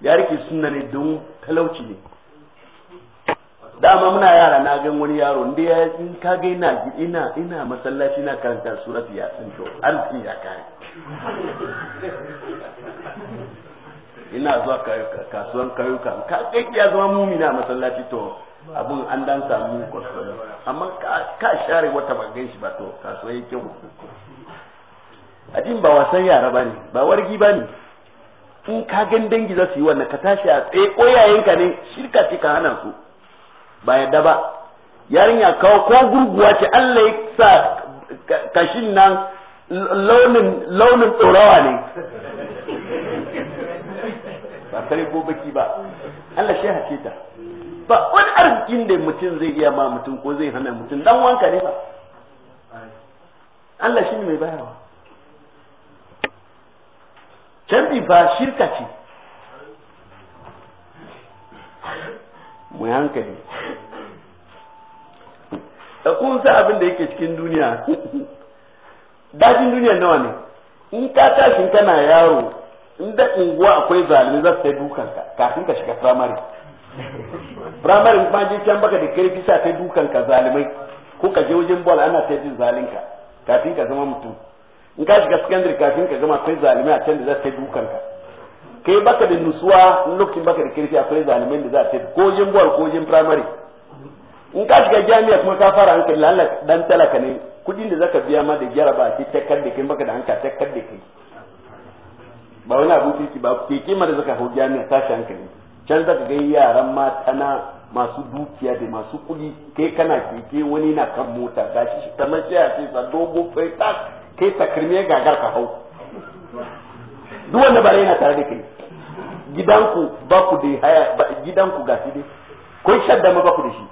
Speaker 1: ya rike sunna ne don talauci ne
Speaker 2: dama muna yara
Speaker 1: na gan wani yaro inda ya in ka ga ina ina ina masallaci na karanta surat yasin to arziki ya kare ina zuwa kasuwan kayuka ka kai ya zama mumina masallaci to abun an dan samu kwaskwari amma ka share wata ban shi ba to kasuwan yake ajin ba wasan yara ba ne ba wargi ba ne in ka gan dangi za su yi wannan ka tashi a tsaye koyayenka ne shirka ce ka hana su ba yadda ba yarinya kawo ko gurguwa ce Allah ya sa kashin nan launin launin tsorawa ne
Speaker 2: ba kare ko baki ba
Speaker 1: Allah shi hace ta ba wani arzikin da mutum zai iya ma mutum ko zai hana mutum dan wanka ne ba Allah shi ne mai bayarwa canji ba shirka ce mu hankali da kun sa abin da yake cikin duniya dajin duniya nawa ne in ka tashi kana yaro in da unguwa akwai zalimi za su sai dukan ka kafin ka shiga firamare firamare in je can baka da karfi sa sai dukan ka zalimai ko ka je wajen bola ana ta jin zalinka kafin ka zama mutum in ka shiga secondary kafin ka gama akwai zalimai a can da za su sai dukan ka kai baka da nusuwa lokacin baka da kirfi akwai zalimai da za a ce ko jin buwar ko jin primary in ka shiga jami'a kuma ka fara hankali lalla dan talaka ne kudin da zaka biya ma da gyara ba ki takkar da kai baka da hankali takkar da kai ba wani abin ki ba ke kima da zaka hau jami'a tashi hankali can zaka ga yaran mata na masu dukiya da masu kudi kai kana keke wani na kan mota gashi kamar sai a ce sa dogo fai tak kai takarmi gagar ka hau duk wanda bare yana tare da kai gidanku ba ku da haya gidanku ga shi dai ko shadda ma ba ku da shi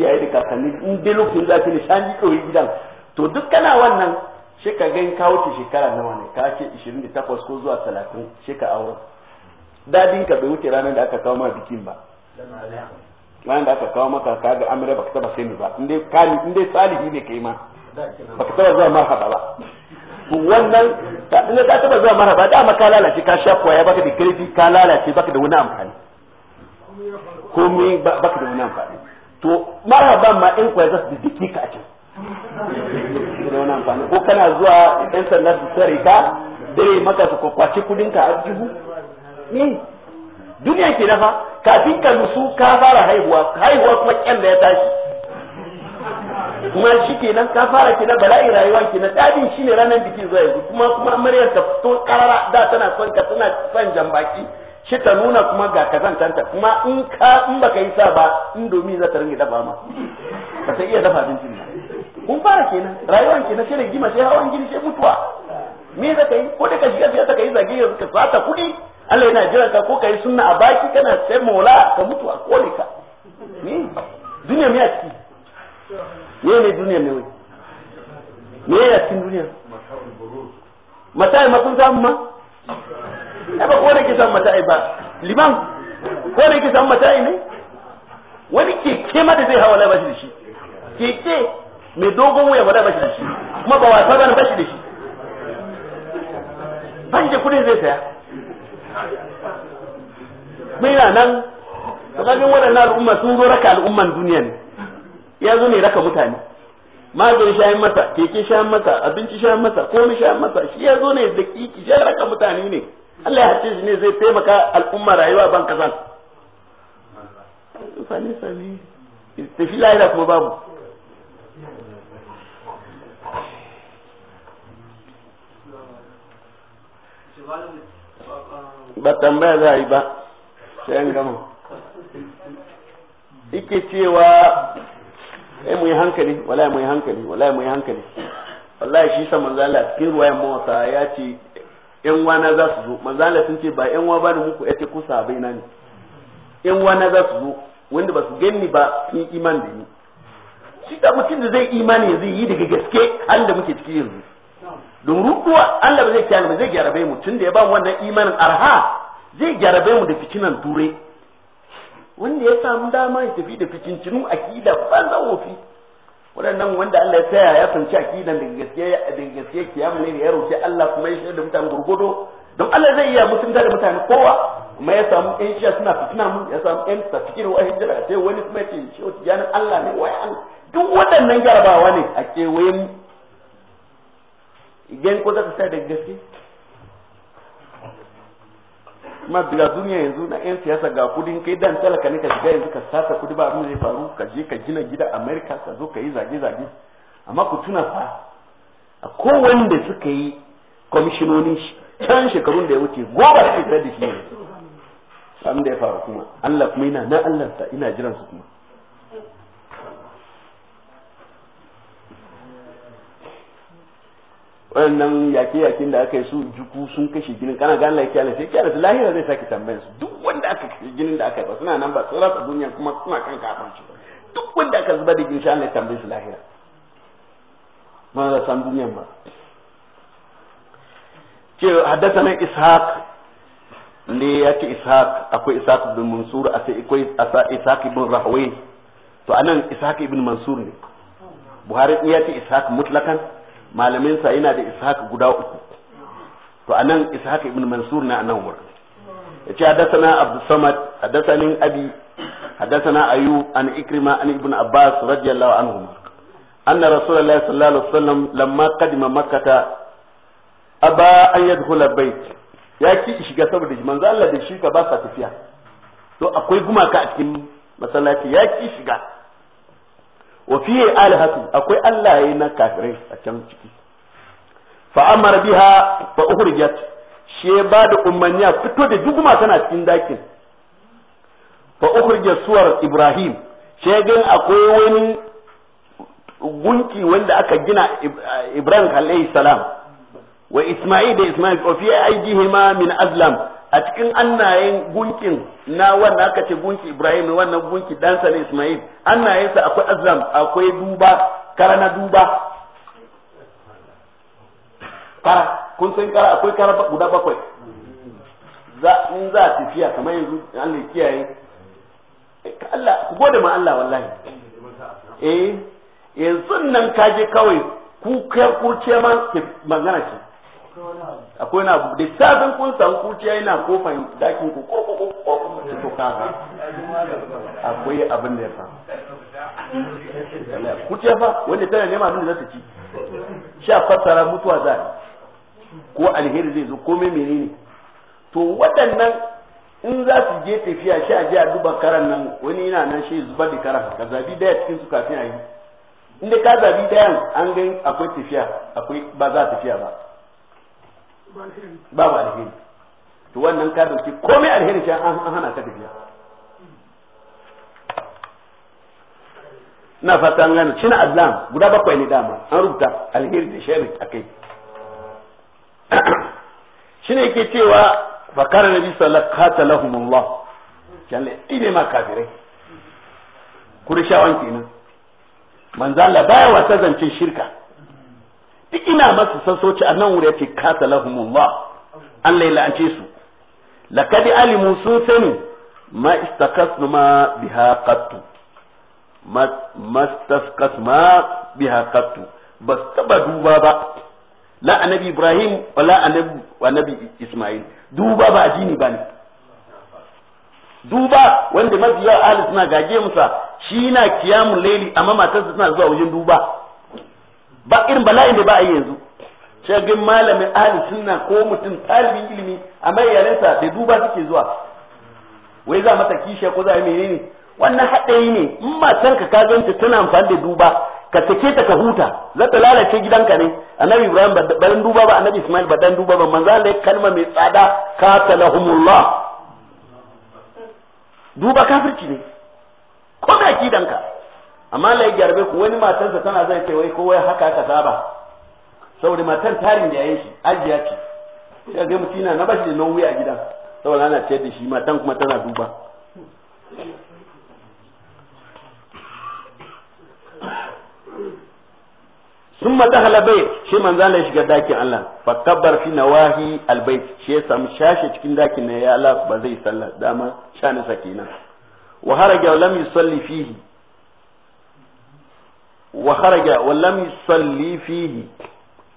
Speaker 1: iyaye da kakanni in dai lokacin zafi ne shan ji ɗori gidan to duk kana wannan shi ka gan ka wuce shekara nawa ne ka ce 28 ko zuwa 30 shi ka auren dadin ka bai wuce ranar da aka kawo ma bikin ba ranar da aka kawo maka ka ga amira baka taba sani ba in dai salihi ne kai ma baka taba zuwa marhaba ba to wannan ina ka taba zuwa maraba dama ka lalace ka sha kwaya baka da kirfi ka lalace baka da wani amfani komai baka da wani amfani to maraba ma in kwaya za su dike ka a
Speaker 2: can
Speaker 1: da wani amfani ko kana zuwa yan sanda su tsare ka dare maka su kwakwace kudin ka a jihu ne eh, duniya ke nafa kafin ka nusu ka fara haihuwa haihuwa kuma kyan da ya tashi kuma shi kenan ka fara na bala'i rayuwa kenan dadin shine ranar biki zuwa yanzu kuma kuma amaryar ta fito karara da tana son ka tana son jambaki shi ta nuna kuma ga tanta kuma in ka in baka yi sa ba indomi za ta ringa dafa ma ba ta iya dafa abincin ba kun fara kenan rayuwa kenan ne gima sai hawan gini sai mutuwa me za ka yi ko da ka shiga siyasa ka yi zage yanzu ka sata kuɗi Allah yana jiran ka ko ka yi sunna a baki kana sai mola ka mutu a kone ka ni duniya mai a ciki ne ne duniya ne wai me ya cikin duniya mata'i ma kun samu ma ya ba kowane ke samu mata'i ba liman kowane ke samu mata'i ne wani keke ma da zai hawa na bashi da shi keke mai dogon wuya ba da bashi da shi kuma ba wasa ba na bashi da shi
Speaker 2: ban da kudin zai saya mai na nan
Speaker 1: tsakanin waɗannan al'umma sun zo raka al'umman duniya ne ya zo ne raka mutane magani shayin masa keke shayin masa abinci shayin masa komai shayin masa shi ya zo ne da kiki shayin raka mutane ne Allah ya hace shi ne zai taimaka al'umma rayuwa ban kasan sani sani tafi lahira kuma babu ba tambaya za a yi ba sai an gama ike cewa ai mu yi hankali wallahi mu yi hankali wallahi mu yi hankali wallahi shi sa manzo Allah cikin ruwayan mawasa ya ce yan wana za su zo manzo Allah sun ce ba yan wa ne muku yace ku sabai na ne yan wana za su zo wanda ba su ganni ba sun iman da ni shi da mutum da zai imani zai yi daga gaske an da muke ciki yanzu don rukuwa Allah ba zai kyale ba zai bai mu tunda ya ba wannan imanin arha zai gyara bai mu da fitinan turai wanda ya samu dama ya tafi da fikincinu akida banza wofi waɗannan wanda Allah ya tsaya ya sanci akida da gaskiya da gaskiya kiyama ne ya roki Allah kuma ya shirya da mutane gurgudo don Allah zai iya mutunta da mutane kowa kuma ya samu ɗan shiya suna fitina mun, ya samu ɗan tafikin wa hijira sai wani kuma ya ce shi wata janin Allah ne wai Allah duk waɗannan jarabawa ne a kewayen idan ko za ka sa da gaske ma daga duniya yanzu na yan siyasa ga kudin kai dan talaka ne ka shiga yanzu ka saka kudi ba abin da zai faru ka je ka gina gida america ka zo ka yi zage zage amma ku tuna fa a kowanne da suka yi kwamishinoni can shekarun da ya wuce goma da da shi ne abin da ya faru kuma Allah kuma ina na Allah ta ina jiran su kuma wannan yake-yaken da aka yi su juku sun kashe ginin kana gane lafiya na sai kyara lahira zai sake tambayar su duk wanda aka kashe ginin da aka yi ba suna nan ba sun rasa duniya kuma suna kan kafirci duk wanda aka zuba da ginsha Allah ya tambaye su lahira mana da san duniyan ba ce na ishaq ne yake ishaq akwai ishaq ibn mansur akwai akwai ishaq ibn rahway to anan ishaq ibn mansur ne buhari ya ce ishaq mutlakan malamin sa yana da ishaq guda uku to anan ishaq ibn mansur na anan wurin yace hadathana abdus samad hadathani abi hadathana ayu an ikrima an ibn abbas radiyallahu anhu. anna rasulullahi sallallahu alaihi wasallam lamma qadima makkah aba an yadkhula bait ya ki shiga saboda manzo Allah da shi ka ba sa tafiya to akwai gumaka a cikin masallaci ya ki shiga wa fiye alihatu akwai Allah yi na kafirai a can ciki fa amara biha fa ukhrijat she ba da umarni a fito da duguma tana cikin dakin fa ukhrija suwar ibrahim she gan akwai wani gunki wanda aka gina ibrahim alayhi salam wa isma'il da isma'il fa fi aijihima min azlam a cikin annayen gunkin na wannan aka ce gunki Ibrahim wannan gunki dansa ne Ismail annayensa akwai Azam akwai duba kara na duba kara kun san kara akwai kara guda bakwai za in za tafiya kamar yanzu Allah ya kiyaye Allah ku gode ma Allah wallahi eh yanzu nan kaje kawai ku kai kurciya ma magana ce akwai na da safin kun samu kuciya yana kofan dakin ku ko ko ko ko to kaza
Speaker 2: akwai abin da ya fa kuciya fa wanda
Speaker 1: tana nema abin da za ta ci sha fassara mutuwa za ko alheri zai zo komai menene to waɗannan in za su je tafiya sha je a duba karan nan wani yana nan shi zubar da karan ka zabi daya cikin su kafin a yi inda ka zabi dayan an gani akwai tafiya akwai ba za tafiya ba babu alheri to wannan ka dauki komai alheri sai an hana ka tafiya na fata an cina azlam guda bakwai ne dama an rubuta alheri da a akai shine yake cewa fakara nabi sallallahu alaihi wasallam qatalahumullah jalle ine ma kafirai kurishawan kenan manzo Allah baya wata zancin shirka duk ina masu sassauci a nan wuri yake kasa lahumullah Allah ya la'ance su lakadi alimu sun sani ma istakasnu ma biha qattu ma istakas ma biha qattu bas taba duba ba la annabi ibrahim wala annabi isma'il duba ba addini bane duba wanda mabiya ahli suna gaje musa shi na kiyamun laili amma matarsa suna zuwa wajen duba ba irin bala'in da ba a yanzu shagin malamin ahli sunna ko mutum talibin ilimi mai yarensa da duba suke zuwa wai za mata kishiya ko za a yi menene wannan haɗari ne in matan ka kazanta tana amfani da duba ka take ta ka huta za ta lalace gidanka ne annabi ibrahim ba dan duba ba annabi ismail ba dan duba ba manzo Allah kalma mai tsada qatalahumullah duba kafirci ne ko da gidanka amma lai gyarbe ku wani matarsa tana zai ce wai kowa haka aka saba saboda matar tarin da yayin shi ajiya ce sai ga tina na bashi da nauyi a gidan saboda ana ce da shi matan kuma tana duba sun madahala bai shi manzan ya shiga dakin Allah fa kabbar fi nawahi albayt shi ya samu shashe cikin dakin ne ya Allah ba zai sallah dama shani sakina wa haraja lam yusalli fihi wa kharaja wa lam yusalli fihi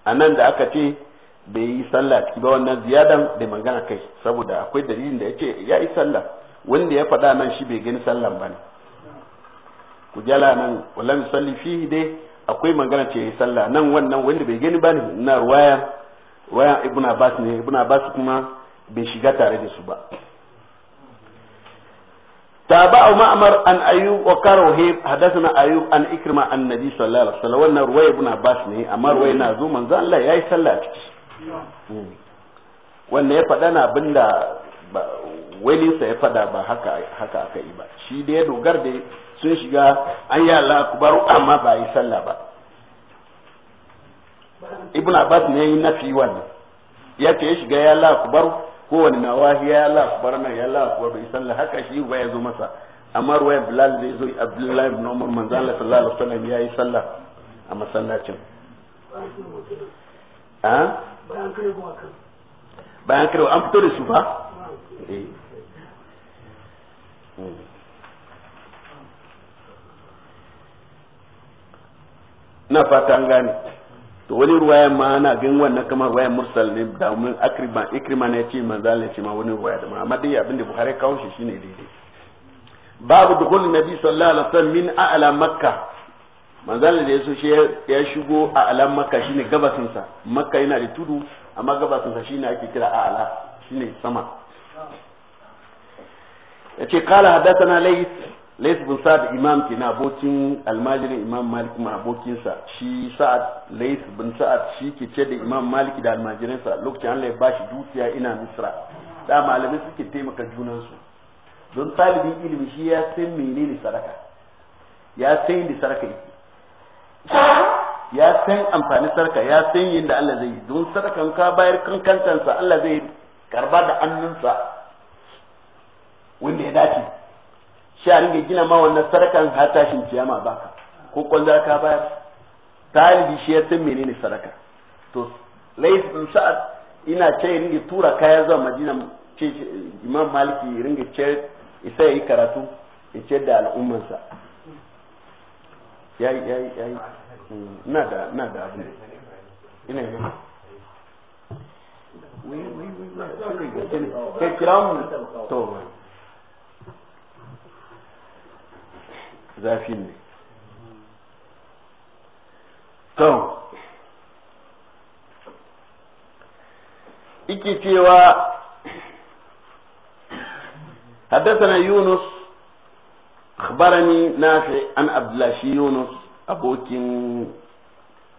Speaker 1: anan da aka ce bai yi sallah ki ba wannan ziyadan da magana kai saboda akwai dalilin da yace ya yi sallah wanda ya faɗa nan shi bai gani sallan ba ne ku jala nan wa lam yusalli fihi dai akwai magana ce yi sallah nan wannan wanda bai gani ba ne na ruwaya waya ibnu abbas ne ibnu abbas kuma bai shiga tare da su ba تابع معمر عن أيوب وكره حدثنا أيوب عن إكرمة عن النبي صلى الله عليه وسلم وأن روي ابن عباس نه أما روي نازو من ذا لا يأي صلى وأن يفدنا بندا walinsa ya fada ba haka haka aka yi ba shi da ya dogar sun shiga an yi Allah kubar amma ba yi sallah ba ibn abbas ne yi nafi wannan ya shiga ya Allah kubar kowane nawahi ya la nan ya la akbar bai salla haka shi ba ya zo masa amma ruwaya bilal zai zo abdullahi ibn umar manzan Allah sallallahu alaihi wasallam ya yi sallah a masallacin a ah? bayan kare an fito da su fa
Speaker 2: eh. hmm.
Speaker 1: na fata an gane to wani ruwaya ma na gan wannan kamar ruwaya mursal ne da mun akrima ikrima ne ce manzal ne ce ma wani ruwaya da ma amma dai abin da buhari kawo shi shine daidai babu dukul nabi sallallahu alaihi wasallam min a'la makka manzal da yaso shi ya shigo a alam makkah shine gabasin sa makkah yana da tudu amma gabasin sa shine ake kira a'la shine sama yace qala hadathana layth Lais bin Sa'ad Imam ke na abokin almajirin Imam Malik ma abokinsa shi Sa'ad Lais bin Sa'ad shi ke ce da Imam Malik da almajirinsa lokacin Allah ya ba shi dukiya ina Misra da malamai suke taimaka junansu don talibin ilimi shi ya san menene sadaka ya san yadda sadaka yake ya san amfani sadaka ya san yadda Allah zai yi don sadakan ka bayar kankantansa Allah zai karba da annunsa wanda ya dace shi a ringa gina ma wannan sarakan har tashin kiyama baka ko kwanza ka bayar talibi shi ya san menene sadaka to lais bin sa'ad ina ce ringa tura kaya zuwa madina ce imam maliki ringa ce isa yi karatu ya ce da al'ummansa ya yi ya yi ya da na da abu ina yi
Speaker 2: wai wai wai wai wai wai
Speaker 1: wai zafin ne to iki cewa حدثنا يونس أخبرني نافع عن عبد الله يونس abokin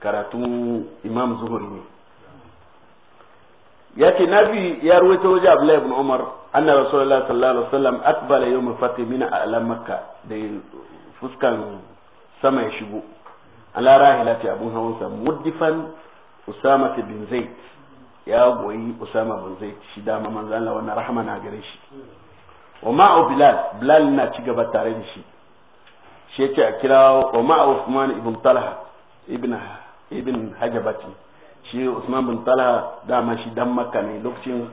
Speaker 1: karatun imam zuhuri ne ya ce nafi ya ruwaita waje abdullahi ibn umar anna rasulullahi sallallahu alaihi wasallam akbala yawm fatih min ala da fuskan sama ya shigo ala rahila ce abun hawansa muddifan usama bin zaid ya goyi usama bin zaid shi dama manzo Allah wannan rahama na gare shi wa ma'a bilal bilal na ci gaba tare da shi shi yake a kira wa ma'a usman ibn talha ibn ibn hajabati shi usman bin talha dama shi dan makka ne lokacin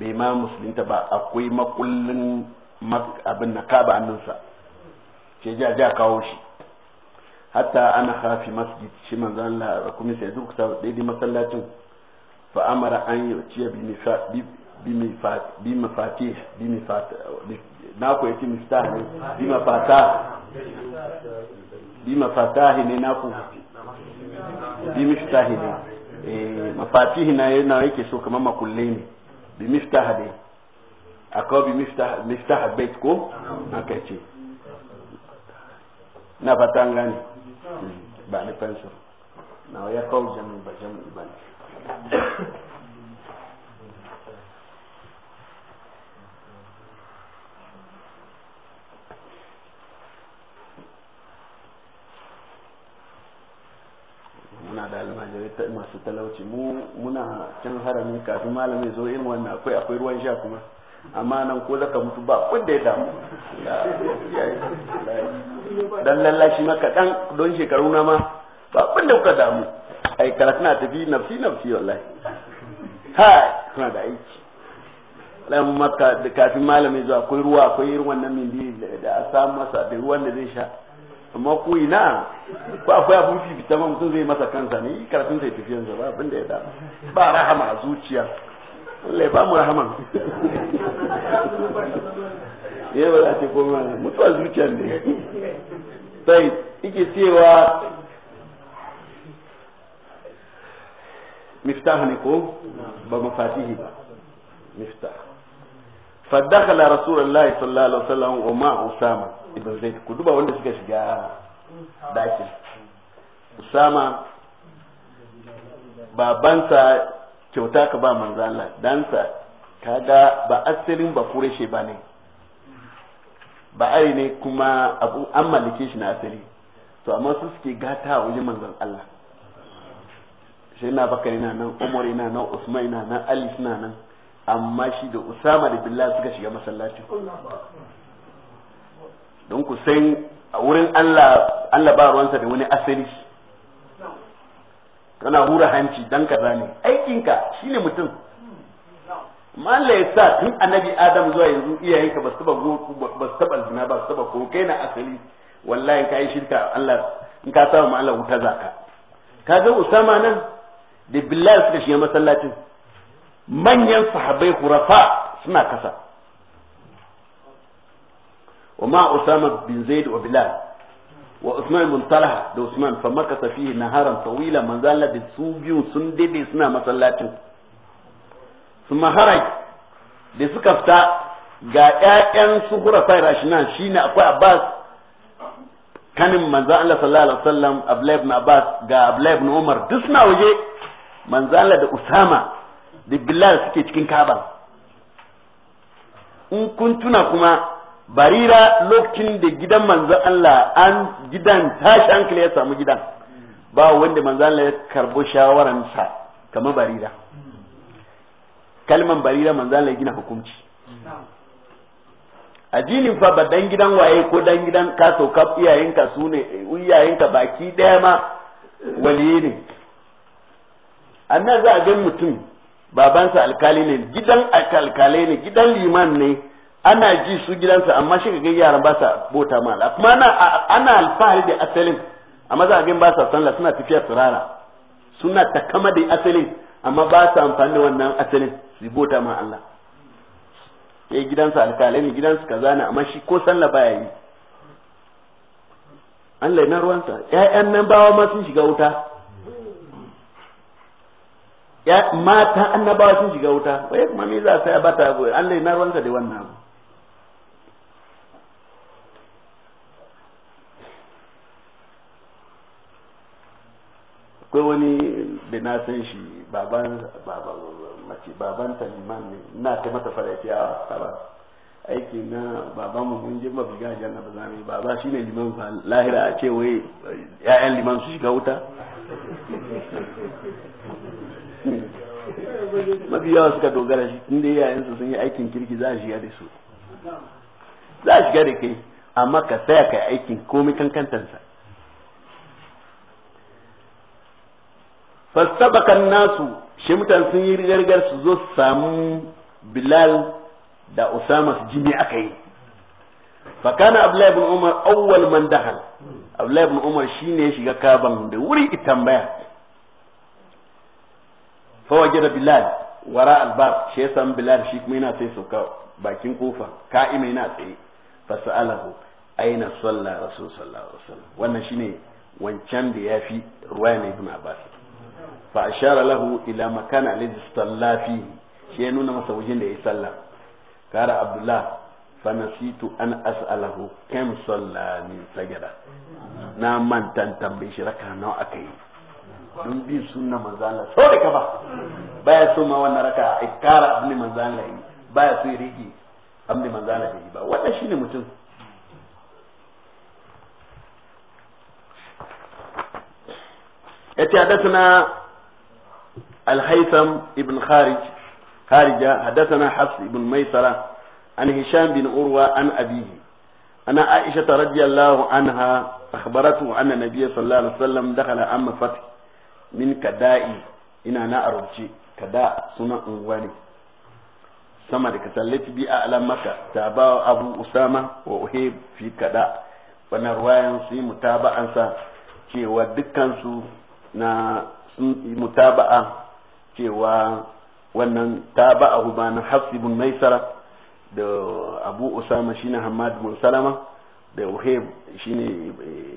Speaker 1: bai ma musulunta ba akwai makullin abin na kaba annansa ce ja ja kawo shi hatta ana hafi masjid shi manzo Allah kuma sai duk ta daidai masallacin fa amara an yuciya bi mifa bi mifa bi mafati bi mifa na ko yace miftah ne bi mafata bi mafatah ne na ko
Speaker 2: bi miftah ne
Speaker 1: eh mafatih na yana yake so kamar makulle ne bi miftah ne akwai bi miftah miftah bait ko aka ce nafatangani hmm. bani bali penso na yako ba jamii bali muna da almajirai masu talauci mu muna can harami kafin malamin zo irin wannan akwai akwai ruwan sha kuma amma nan ko zaka mutu ba da ya damu dan lallashi maka dan don shekaru na ma ba kun da kuka damu ai karatu na tafi nafsi nafsi wallahi ha kuna da aiki lan maka da kafin malami zuwa akwai ruwa akwai irin wannan mindi da a samu masa da ruwan da zai sha amma ku ina ko akwai abun fifita ma mutum zai masa kansa ne karatun sai tafiyansa ba abin da ya damu ba rahama a zuciya Allah ba mu rahama ya ba za ta koma mutuwa zuciya ne sai ike cewa miftah ne ko ba mafatihi ba miftah فدخل رسول الله صلى الله عليه وسلم ومع أسامة ابن زيد أسامة babansa kyauta ka ba manzo Allah dansa kaga ba asirin ba kureshe ba ne ba ai ne kuma abu an mallake shi na asiri to amma su suke gata a wajen manzon Allah shi na bakari na nan umar na nan usman na nan ali na nan amma shi da usama da billah suka shiga masallacin don ku san wurin Allah Allah ba ruwansa da wani asiri kana hura hanci dan kaza ne aikinka shine mutum malla ya sa tun annabi adam zuwa yanzu iyayenka ba su ba ba su taba zina ba su ko kai na asali wallahi kai shirka Allah in ka ma Allah wuta zaka ka ga Usama nan da billahi suka shiga masallacin manyan sahabbai hurafa suna kasa wa ma Usama bin Zaid wa Bilal wa Usman bin Talha da Usman fa makasa fihi naharan tawila manzo Allah da su biyu sun dade suna masallacin su maharai da suka fita ga ƴaƴan su hurafai rashinan shine akwai Abbas kanin manzo Allah sallallahu alaihi wasallam Abdullah ibn Abbas ga Abdullah ibn Umar duk suna waje manzo Allah da Usama da Bilal suke cikin Kaaba in kun tuna kuma barira lokacin da gidan manzon Allah an gidan tashi hankali ya samu gidan ba wanda manzon Allah ya karbo sa kamar barira kalman barira manzon Allah ya gina hukunci addinin fa ba dan gidan waye ko dan gidan ka sauka iyayenka su ne iyayenka baki daya ma waliyi ne annan za a ga mutum babansa alkali ne gidan alkalai ne gidan liman ne ana ji su gidansa amma shi ga yaran ba sa bota ma la kuma ana ana alfahari da asalin amma za a ga ba sa san la suna tafiya tsirara suna takama da asalin amma ba sa amfani da wannan asalin su bota ma Allah ya gidansa alkalai ne gidansa kaza ne amma shi ko sallah baya yi Allah na ruwansa ƴaƴan nan bawa ma sun shiga wuta ya mata annabawa sun shiga wuta wai kuma me za a sai bata Allah na ruwansa da wannan abu akwai wani da na san shi baban baban mace baban taliman ne na ta mata fara ce a saba aiki na baban mu mun je ba biga janna ba za mu yi baba shine liman fa lahira a ce wai ƴaƴan liman su shiga wuta mafi yawa suka dogara shi tun dai yayan su sun yi aikin kirki za a shiga da su za a shiga da kai amma ka tsaya ka aikin komai kankantansa fasabakan nasu shi mutane sun yi rigargar su zo su samu bilal da usama su jini aka yi fakana abdullahi ibn umar awwal man dahal abdullahi ibn umar shine ya shiga kaban da wuri tambaya fa wajada bilal wara albab shi san bilal shi kuma yana sai sauka bakin kofa ka'ima yana tsaye fa sa'alahu aina salla rasul sallallahu alaihi wasallam wannan shine wancan da yafi ruwaya na ibn abbas fa ashara lahu ila makana alladhi salla fi shi ya nuna masa wajen da ya salla kara abdullah fa nasitu an as'alahu kam salla ni sajada na tan tambayi shi raka nawa akai don bi sunna manzala so da kafa baya so ma wannan raka ai kara abin manzala yi baya so riki rigi abin manzo yi ba wannan shine mutum yace الهيثم ابن خارج خارجة حدثنا حفص ابن ميسرة عن هشام بن عروة عن أبيه أن عائشة رضي الله عنها أخبرته أن النبي صلى الله عليه وسلم دخل عام فتح من كدائي إن أنا أرجي كداء سنة أنواني sama da kasallaci bi a alam maka ta ba abu usama wa uhib fi kada wannan ruwayan su yi mutaba'ansa cewa dukkansu na sun yi mutaba'a cewa wannan ta ba a hubana hafsi bin maisara da abu usama shine hamad bin salama da shi shine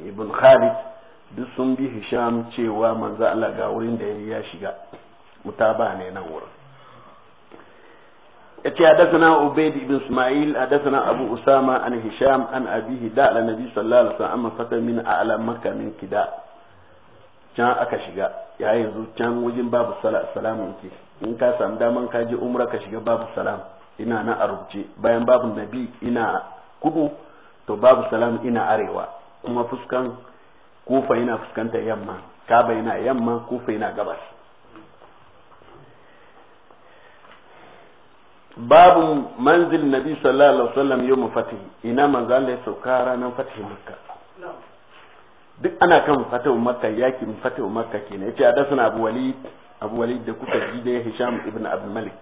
Speaker 1: ibn khalid duk sun bi hisham cewa manzo Allah ga wurin da ya shiga mutaba ne nan wurin yace hadathana ubayd ibn isma'il hadathana abu usama an hisham an abihi da ala nabi sallallahu alaihi wasallam fata min a'la makka min kida can aka shiga ya yanzu can wajen babu salamu ke in ka samu daman ka je umra ka shiga babu salam ina na a rubuce bayan babu nabi ina kudu to babu salam ina arewa kuma fuskan kufa yana fuskanta yamma kaba yana yamma kufa yana gabas babu manzil nabi sallallahu alaihi wasallam yau mafatihi ina manzo Allah ya sauka ranar fatihi makka duk ana kan fatawa makka yakin fatawa makka kenan yace hadathana abu walid abu walid da kuka ji da hisham ibn abd malik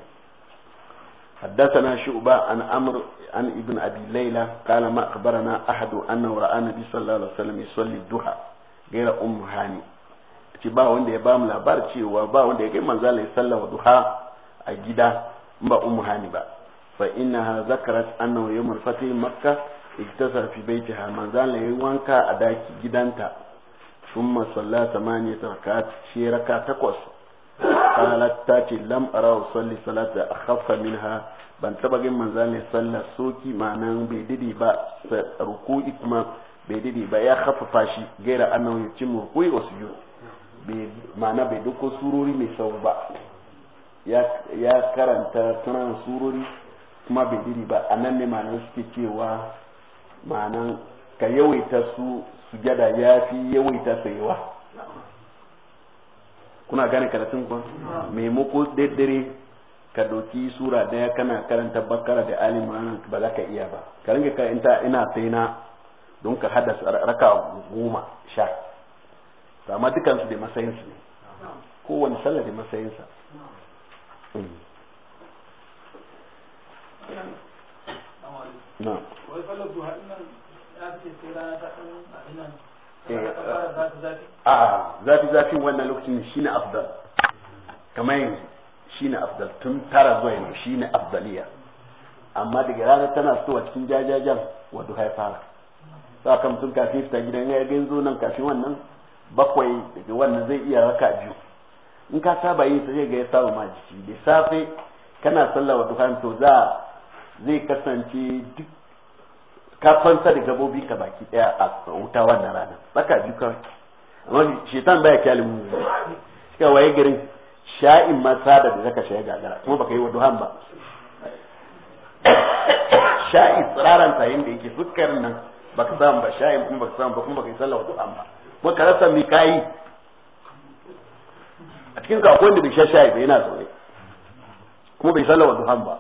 Speaker 1: حدثنا شعبة عن عمرو عن ابن أبي ليلى قال ما أخبرنا أحد أنه رأى النبي صلى الله عليه وسلم duha الضحى غير umm hani هاني ci ba wanda ya bamu labar cewa ba wanda ya kai manzo Allah sallah wa duha a gida ba ummu hani ba fa innaha zakarat annahu yawmul fatih makkah iktasar fi baitiha manzo Allah yi wanka a daki gidanta thumma salla thamaniyat rakat shi raka takwas qalat ta ce lam ara usalli salata akhaffa minha ban taba man manzo Allah salla soki ma'anan bai didi ba ruku'i kuma bai didi ba ya khaffafa shi gaira annahu yutimmu ruku'i wa sujud bai ma'ana bai dukko sururi mai sau ba ya karanta sunan sururi kuma bai didi ba anan ne ma'anar suke cewa ma'anan ka yawaita su su sujada ya fi yawaita tsayuwa kuna gane karatun kuwa maimako daddare ka doki sura daya kana karanta bakara da alim ba za ka iya ba ka ringa karanta ina sai na don ka hada raka goma sha amma dukansu da matsayinsu ne kowane sallah da matsayinsa hmm. na'am
Speaker 2: wai eh, eh, zafi
Speaker 1: zafin wannan lokacin shi ne afdal kamar yanzu ne afdal tun tara zuwa yanzu ne afdaliya amma daga ranar tana fitowa cikin jajajen wato ya fara sa kan mutum kafin fita gidan ya ga zo nan kafin wannan bakwai daga wannan zai iya raka biyu in ka saba yin sai ga ya saba ma jiki da safe kana sallah wa duhan to za zai kasance duk ka fansa da gabobi ka baki daya a wuta wannan rana tsaka biyu kawai amma shetan baya kyalin mu suka waye garin sha'in ma sada da zaka shaye gagara kuma baka yi wa duhan ba sha'in tsiraran ta da yake fuskarin nan baka samu ba sha'in kuma baka samu ba kuma baka yi sallah wa duhan ba kuma ka rasa mai kayi a cikin ka akwai wanda bai sha sha'in bai yana zaune kuma bai sallah wa duhan ba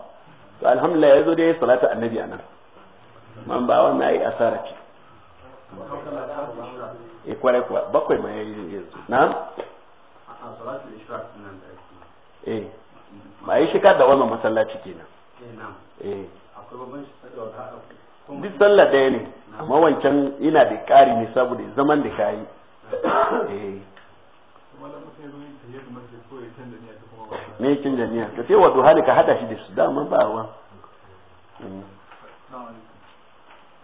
Speaker 1: to alhamdulillah yazo dai salatu annabi nan man ba wannan ai asara ce e eh, kware kuwa bakwai ma yayi yanzu na'am eh ba yi shiga da wannan masallaci kenan eh duk sallah daya ne amma wancan ina da ƙari ne saboda zaman da ka
Speaker 2: yi
Speaker 1: ne kin jami'a ka sai wa duha ka hada shi da su dama ba wa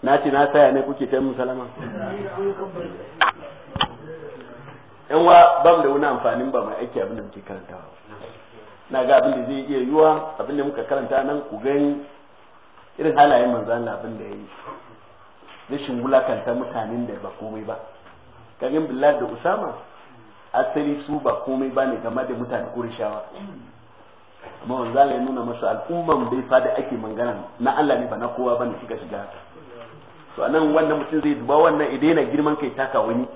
Speaker 1: na ce na saya ne kuke tayin musalama yan wa ba da wani amfanin ba mai aiki abin da muke karantawa na ga abin da zai iya yiwa abin da muka karanta nan ku gani irin halayen manzo Allah abin da yayi rashin wulakanta mutanen da ba komai ba kagin billah da usama asali su ba komai ba ne game da mutane kurishawa amma wanzu ya nuna masu al'umman bai fada ake mangana na Allah ne ba na kowa ba ne shiga shiga to anan wannan mutum zai duba wannan idan yana girman kai taka wani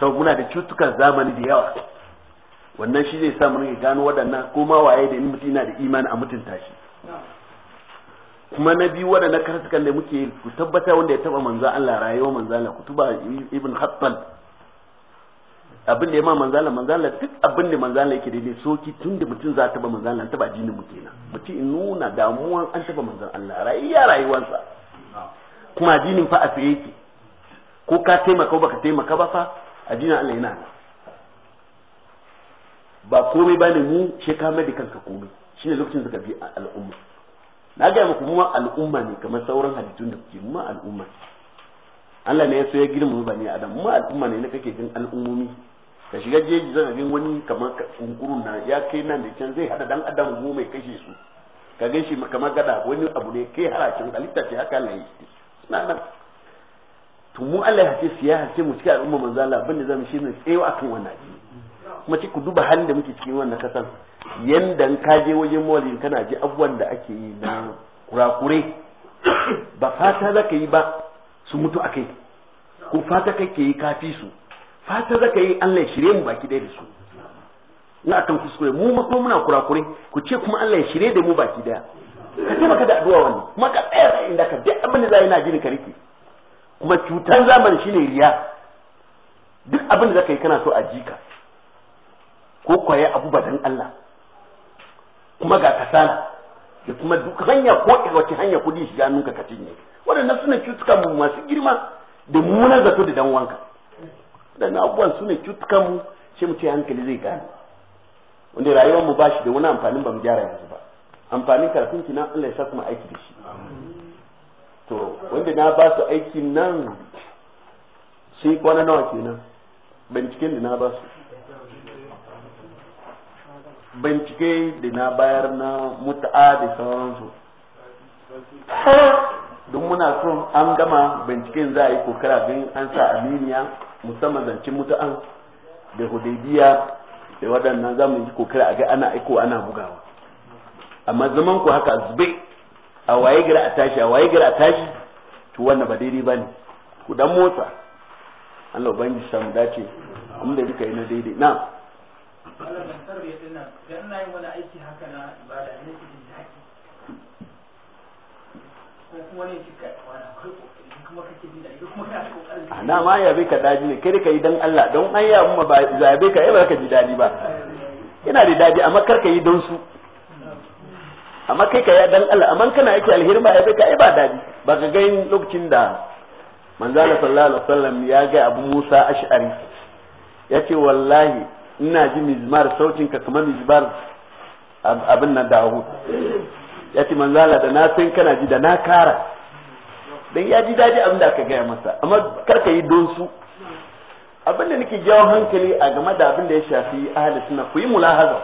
Speaker 1: sau muna da cutukan zamani da yawa wannan shi zai sa mu rage gano waɗannan ko ma waye da in mutum yana da imani a mutunta shi kuma na biyu waɗannan karatukan da muke ku tabbata wanda ya taba manzo Allah rayuwar manzo Allah tuba ibn Hattal abin da ya ma manzo Allah duk abin da Allah yake daidai soki tun da mutum za ta ba Allah an taba jinin mutum kenan mutum in nuna damuwan an taba manzo Allah rayuwar rayuwarsa kuma addinin fa a tsaye yake ko ka taimaka baka taimaka ba fa addinin Allah yana nan ba komai ba ne mu she ka mai da kanka komai shine lokacin da ka bi al'umma na ga muku mu al'umma ne kamar sauran halittun da kuke mu al'umma Allah ne ya so ya girma ba ne adam mu al'umma ne na kake jin al'ummomi ka shiga jeji zan abin wani kamar kungurun na ya kai nan da can zai hada dan adam goma ya kashe su ka gan shi kamar gada wani abu ne kai harakin halitta ce haka Allah ya yi suna nan to mu Allah ya hace su ya mu cikin al'umma manzo Allah abin da zamu shi ne tsayo akan wannan addini kuma ci ku duba halin da muke cikin wannan kasan yanda in ka je wajen maulidi kana ji abubuwan da ake yi na kurakure ba fata zaka yi ba su mutu akai ko fata kake yi kafi su fata zaka yi Allah ya shirye mu baki ɗaya da su na akan kuskure mu ma kuma muna kurakure ku ce kuma Allah ya shirye da mu baki daya
Speaker 2: ka taimaka da addu'a wannan
Speaker 1: kuma ka tsaya a inda ka duk abin da za yana jini ka rike kuma cutan zamani shine riya duk abin da zaka yi kana so a jika ko kwaye abu ba dan Allah kuma ga kasala da kuma duk hanya ko wace hanya kudi shiga nunka ka cinye waɗannan suna cutuka mu masu girma da da zato da dan wanka waɗannan abubuwan suna cutuka mu sai mu ce hankali zai gane wanda rayuwar mu bashi da wani amfanin ba mu gyara yanzu ba amfanin karfin ki nan Allah ya sa kuma aiki da shi to wanda na ba su aikin nan sai kwana nawa kenan binciken da na ba su bincike da na bayar na muta'a da sauransu don muna son an gama binciken za a yi kokara bin an sa aminiya musamman zancen mutu'an da hudaybiya da waɗannan za mu yi kokara a ga ana aiko ana bugawa amma zaman ku haka zube a waye gira a tashi a waye gira a tashi to wannan ba daidai bane ku dan motsa Allah ubangiji samu dace amma da duka yana daidai na na ma bai ka daji ne kai ka yi dan Allah don an yi ma ba zabe ka yi ba ka ji daji ba yana da daji amma kar ka yi don su amma kai ka ya dan Allah amma kana yake alhirma ba ya kai ka ba dadi ba ka ga lokacin da manzala sallallahu alaihi wasallam ya ga Abu Musa Ash'ari yace wallahi ina ji mizmar sautin ka kamar mizmar abin nan da hu yace manzala da na san kana ji da na kara dan ya ji daji abin da aka gaya masa amma kar ka yi don su abin da nake jawo hankali a game da abin da ya shafi ahli sunna ku yi mulahaza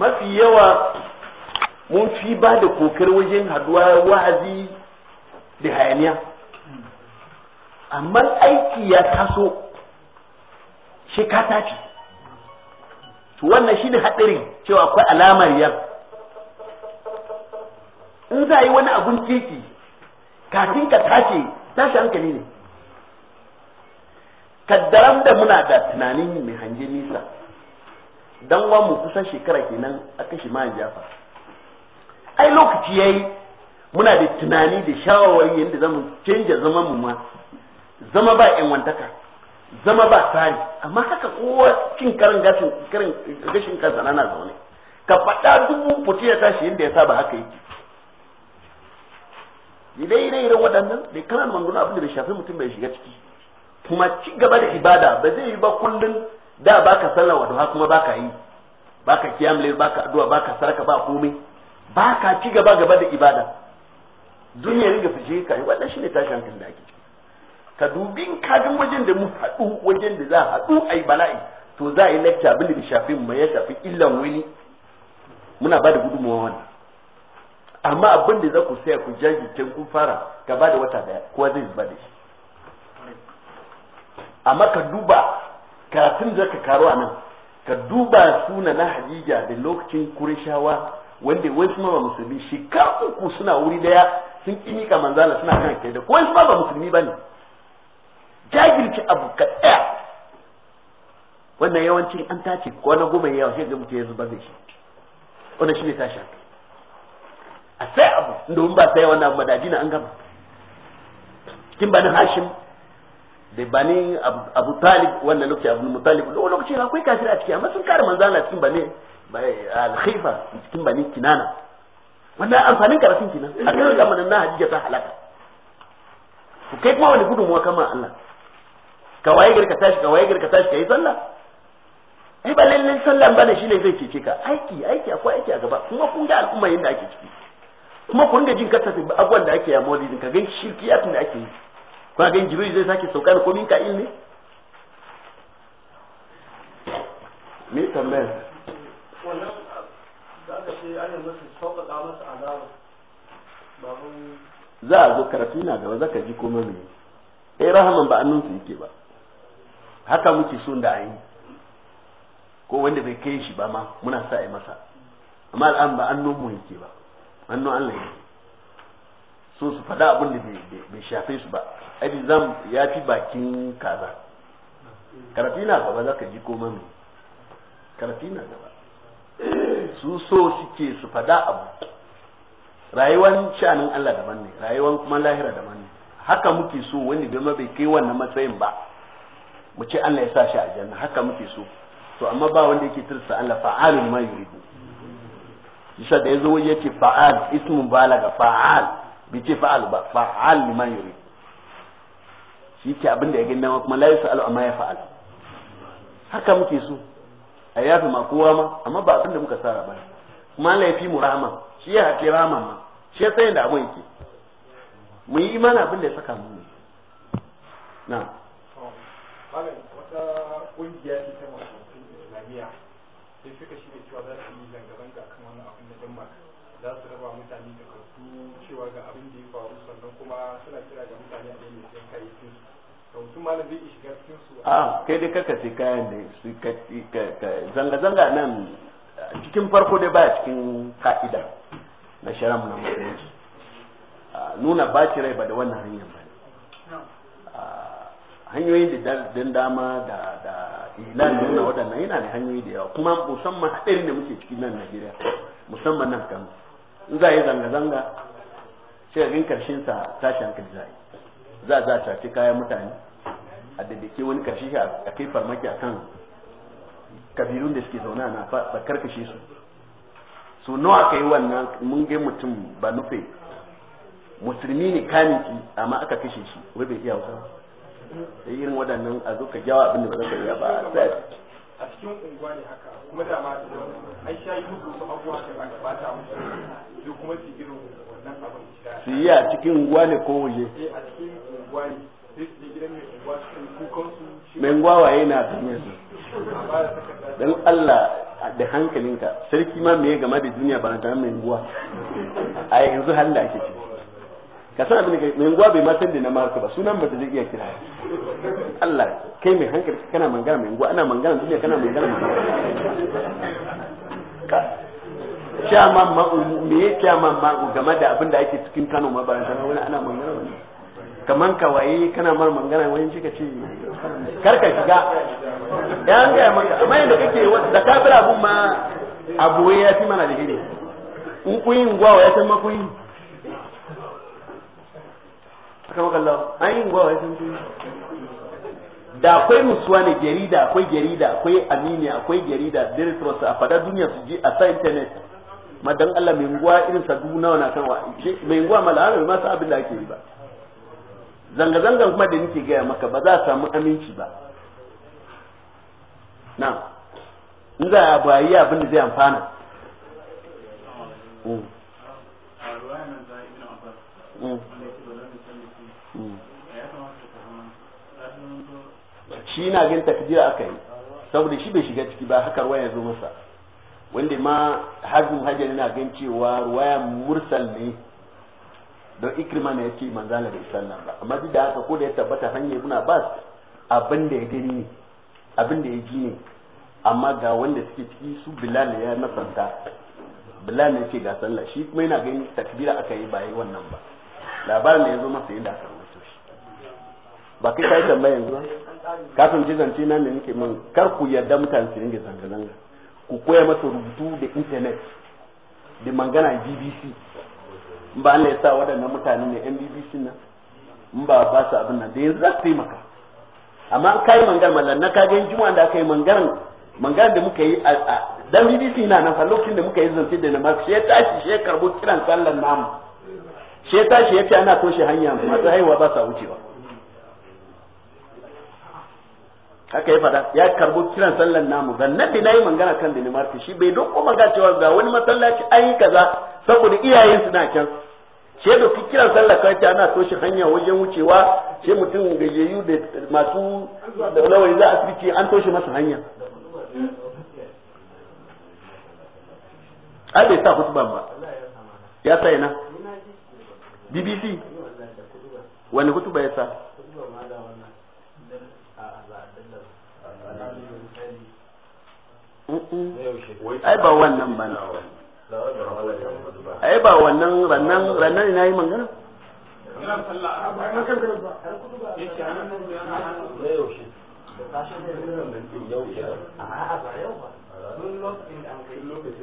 Speaker 1: mafi yawa mun fi ba da kokar wajen haduwa wa'azi da hayaniya amma aiki ya taso shi ka tafi to wannan shi ne haɗari cewa akwai alamar yar in za a yi wani abun kirki kafin ka tashi tashi hankali ne kaddaram da muna da tunanin mai hanje nisa dan wa mu kusan shekara kenan a kashe ma jafa ai lokaci yayi muna da tunani da shawarwari yadda zamu canja zaman mu ma zama ba yan wantaka zama ba tsari amma haka kowa cin karin gashin karin gashin kansa na zaune ka faɗa dubu mutum ya tashi yadda ya saba haka yake idai ire waɗannan da kanan manguna abin da bai shafi mutum bai shiga ciki kuma ci gaba da ibada ba zai yi ba kullum da baka sallah wa duha kuma baka yi baka kiyam lai baka addu'a baka sarka ba komai baka ci gaba gaba da ibada duniya ringa fice ka yi wannan shine tashi hankali da ake ka ka ga wajen da mu haɗu wajen da za a haɗu a yi bala'i to za a yi lecture abin da shafi mu ya shafi illan wani muna ba da gudunmawa wannan amma abin da za ku saya ku jajirce kun fara gaba da wata daya kowa zai zuba da shi amma ka duba karatun zaka karo a nan ka duba suna na hadija da lokacin kurishawa wanda wai suna ba musulmi shekaru uku suna wuri daya sun kimi ka manzala suna kan kai da wasu suna ba musulmi ba ne jagirci abu ka daya wannan yawancin an tace ko na goma yawa sai ga mutum ya zubar da shi wannan shi ne tashi a sai abu domin ba sai wannan na an gama kin ba ni hashim da bani abu talib wannan lokaci abu mutalib da lokaci akwai kafir a ciki amma sun kare manzo Allah cikin bani al-khifa cikin bani kinana wannan amfanin karatun kinan a kan zamanin na hadija ta halaka ku kai kuma wani gudunmuwa kama Allah ka waye garka tashi ka waye garka tashi kai sallah ai ba lallin sallan bane shine zai cece ka aiki aiki akwai aiki a gaba kuma kun ga al'umma yanda ake ciki kuma kun ga jin kasa abubuwan da ake ya maulidin ka gan shirkiyatun da ake yi ba gan jibril zai sake sauka da komin ka'il ne
Speaker 2: me tambayar
Speaker 1: za a zo karatu na gaba ka ji komai ne eh rahaman ba annun su yake ba haka muke so da ayi ko wanda bai kai shi ba ma muna sa masa amma al'an ba annun mu yake ba annun Allah yake so su faɗa abin da bai shafe su ba ai zam ya fi bakin kaza karafi na gaba za ka ji ko mami karafi na gaba su so suke su faɗa abu rayuwar shanin Allah daban ne rayuwar kuma lahira daban ne haka muke so wani bai bai kai wannan matsayin ba mu ce Allah ya sa shi a janna haka muke so to amma ba wanda yake tursa Allah fa'alun ma yuridu yasa da yazo yake fa'al ismun balaga fa'al bice fa'al ba fa'al liman yuri shi ke abin da ya gina kuma la yas'alu amma ya fa'al haka muke so a yafi ma kowa ma amma ba abin da muka sara ba kuma laifi mu rahama shi ya haƙi rama ma shi ya tsayin da abin yake mu yi imani abin da ya saka mu ne na
Speaker 2: wata kungiya ta
Speaker 1: kuma a kai dai kaka sai kayan da su zanga zanga nan cikin farko dai baya cikin ka'ida na sharam na musulunci nuna baci rai ba da wannan hanyar ba hanyoyin da dan dama da da ilan nuna waɗannan yana da hanyoyi da yawa kuma musamman haɗarin da muke cikin nan Najeriya musamman nan kan in za a yi zanga-zanga sai abin karshen sa tashi hankali zai za za ta ci kayan mutane a daddake wani karshe shi a kai farmaki akan kabilun da suke zauna na ba karkashe su so nawa kai wannan mun ga mutum ba nufe musulmi ne ki, amma aka kashe shi wai bai iya wasa sai irin waɗannan a zo ka jawa abin da ba za ka iya ba
Speaker 2: a cikin unguwa ne haka kuma da ma ai shayi su abubuwa da ba ta musu duk kuma su irin siya cikin unguwa ne ko waje eh, mai unguwa waye na duniya su don
Speaker 1: Allah da hankalinka sarki ma me game da duniya ba na mai unguwa a yanzu halin da ake ciki ka san abin da mai unguwa bai matan da na marka ba sunan ba zai iya kira Allah kai mai hankali kana mangana mai unguwa ana mangana duniya kana mangana mai chairman ma me chairman ma game da abin da ake cikin Kano ma ba da wani ana magana wani kaman ka waye kana mar magana wani shi ka ce kar ka shiga ya ga maka amma yadda kake da kafira abun ma abu ya fi mana da gine in ku gwawa ya san ma ku aka maka Allah an yi gwawa ya san ku da akwai musuwa ne jarida akwai jarida akwai amini akwai jarida directors a fada duniya su ji a sa internet madan Allah mai nguwa irin sa duk nawa na san wa mai nguwa malala ma sa abin da ake yi ba zanga zanga kuma da nake gaya maka ba za a samu aminci ba na in za a bayi abin da zai amfana
Speaker 2: mm. Mm.
Speaker 1: Mm. shi na gin takdira aka yi saboda shi bai shiga ciki ba haka ruwa ya zo masa wanda ma hajjin hajjin yana gan cewa ruwaya mursal ne don ikirma ne ya ce manzala bai sallan ba amma duk da haka ko da ya tabbata hanyar ibn abbas abin da ya gani ne abin da ya ji ne amma ga wanda suke ciki su bilal ya nasanta bilal ne ce ga sallah shi kuma yana gani takbira aka yi ba yi wannan ba labarin da ya zo masa yadda aka rubuto shi ba kai kai tambaya yanzu ba kafin ji zance na ne nake min kar ku yarda mutane su ringe zanga-zanga ku koya masa rubutu da internet da mangana bbc ba an sa waɗannan mutane ne yan bbc nan in ba ba su abin nan da yanzu za su yi maka amma an kayi mangana mallan na kaga yin juma'a da aka yi mangaran mangaran da muka yi a dan bbc na nan fa lokacin da muka yi zance da namaz shi ya tashi shi ya karbo kiran sallan namu shi ya tashi ya ce ana toshe hanya masu haihuwa ba sa wucewa haka ya fada ya karbo kiran sallan namu zannabi nayi magana kan da nimarti shi bai kuma magana cewa ga wani masallaci an yi kaza saboda iyayen su na can ce da ki kiran sallah kai ta ana toshe hanya wajen wucewa ce mutum gajiyayyu da masu da lawai za a fice an toshe masa hanya ai bai sa hutuban ba ya sa ina
Speaker 2: bbc wani hutuba ya sa
Speaker 1: ai ba wannan ba
Speaker 2: ai ba wannan rannan rannan ina yi magana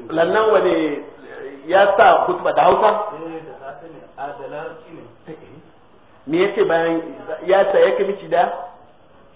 Speaker 2: lannan wani ya sa kutuba da hausa
Speaker 1: me yake bayan ya sa ya kamici da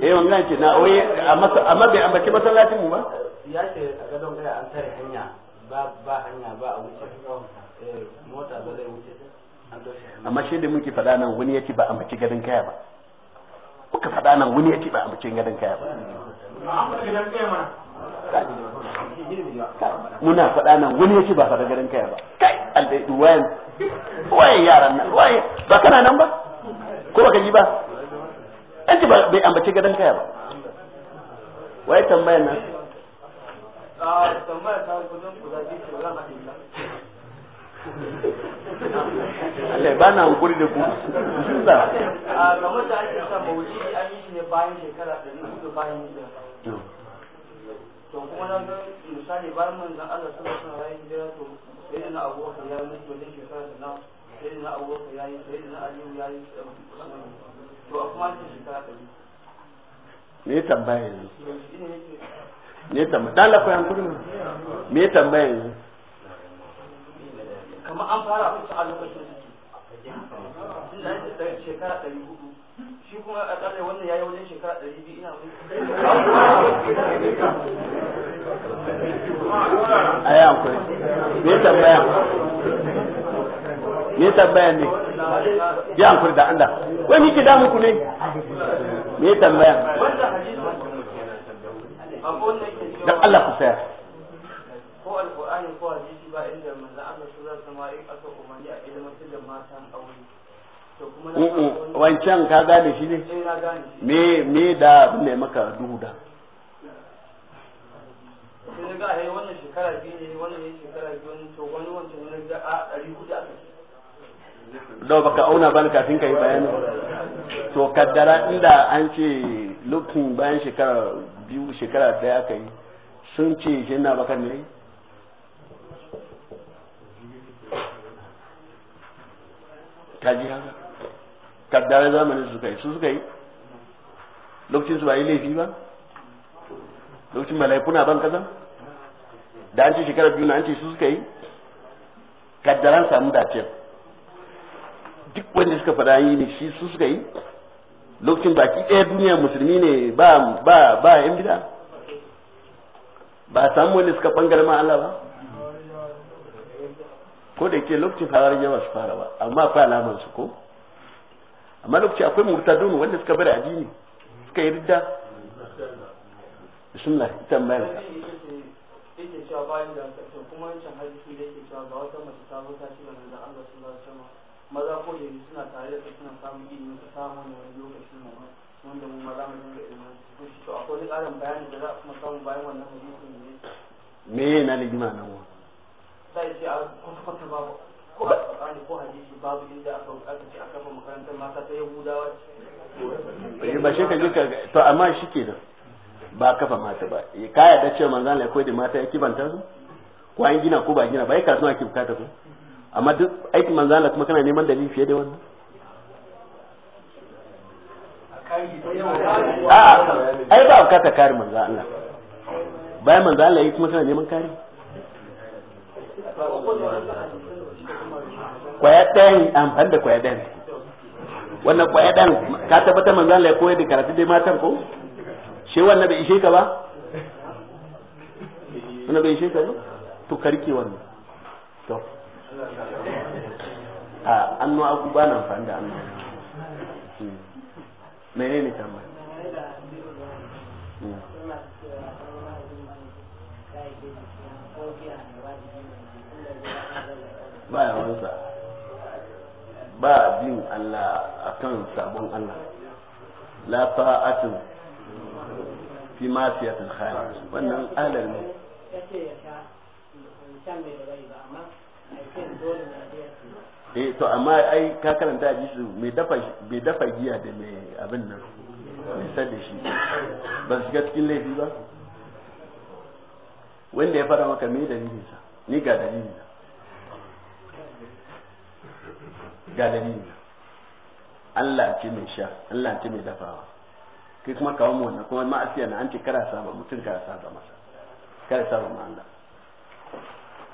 Speaker 1: eh wannan ce na oye amma bai ambaci masallacin mu ba ya ce a gadon gaya an tare hanya ba ba hanya ba a wuce eh, mota ba zai wuce amma shi da muke faɗa nan wani yace ce ba ambaci gadon kaya ba kuka faɗa nan wani yace ce ba ambaci gadon kaya ba muna faɗa nan wani yace ba faɗa gadon kaya ba kai aldai wayan wayan yaran nan wayan ba kana nan ba ko baka ji ba aji ba bai ambaci gadon kaya ba wai tambayar nan Allah ba na hankuri da ku. Zuza. A game da ake sa bauchi an yi shi ne bayan shekara da ni hudu bayan da. To kuma na ga misali bayan manzon Allah sun san wasallam ya to sai na Abu Bakar ya mutu wajen shekara da na sai na Abu Bakar ya yi sai na Ali ya yi me tambaya yanzu me tambaya dan me tambaya yanzu kamar an fara abin a lokacin shekara shi kuma a wannan wajen shekara a yi
Speaker 2: me tambaya me tambaya ne ya hankuri da Allah wai miki da muku ne me tambaya da Allah ku saya
Speaker 1: ko alqur'ani ko hadisi ba inda manzo Allah sallallahu alaihi wasallam aka umarni a ilmantar da matan aure to kuma wancan ka gane shi ne eh, me me da abin da maka duhu da sai ga ai wannan shekara biyu ne wannan shekara biyu to wani wancan ne ga a 400 aka da baka auna ba kafin ka yi bayani to kaddara inda an ce lokacin bayan shekara biyu shekara daya aka yi sun ce jinna baka ne ka ji haka kaddara zamanin su kai su suka yi lokacin su ba yi laifi ba lokacin malaikuna ban kaza da an ce shekara biyu na an ce su suka yi kaddaran samu daciyar duk wanda suka faɗa yi ne shi su suka yi lokacin baki ɗaya duniya musulmi ne ba ba ba yan bida ba samu wanda suka bangare ma Allah ba ko da yake lokacin fara yawa su fara ba amma fa alaman su ko amma lokacin akwai murtadun wanda suka bari addini suka yi ridda bismillah tambayar ka
Speaker 2: kuma wancan hadisi da yake cewa ga wata mace ta zo ta ci da Allah maza ko da yanzu suna tare da su suna
Speaker 1: samun ilimi su samu ne wani lokaci na ma wanda mu maza mu dinga ilimin su to akwai wani ƙarin bayani da za a kuma samu bayan wannan hadisin ne me ye na ligima na wa sai ce a kwata-kwata babu ko a tsakani ko hadisi babu inda aka aka ce aka fa makarantar mata ta yahudawa eh, ba shi ka ji ka to amma shi ke da ba kafa mata ba eh, ka yarda cewa manzan Allah ya koyi da mata ya kibanta su ko an gina ko ba gina ba ai kasuwa ke bukata ko amma duk aikin manzo Allah kuma kana neman dalili fiye da wannan a ai ba kata kare manzo Allah bayan manzo Allah yi kuma kana neman kare kwaya ɗayan amfani da kwaya ɗayan wannan kwaya ɗan ka tabbatar manzo Allah ya koyar da karatu dai matan ko shi wannan bai ishe ka ba wannan bai ishe ka ba to karki wannan to a annu aku na amfani da annu hmm. mene ne tambaya hmm. ba ya wansa ba bin Allah a kan sabon Allah la fa'atun fi masiyatul khaliq wannan alal ne
Speaker 2: ya ya ce sha mai da bai ba amma
Speaker 1: eh to amma ai ka karanta a jisu mai dafa giya da mai abin nan mai da shi ba su ga cikin laifi ba wanda ya fara maka mai sa ni ga sa ga sa Allah ce mai sha Allah ce mai dafawa kai kuma kawo mu wannan kuma ma'asiya na an ce kara saba mutum kara saba masa kara saba ma Allah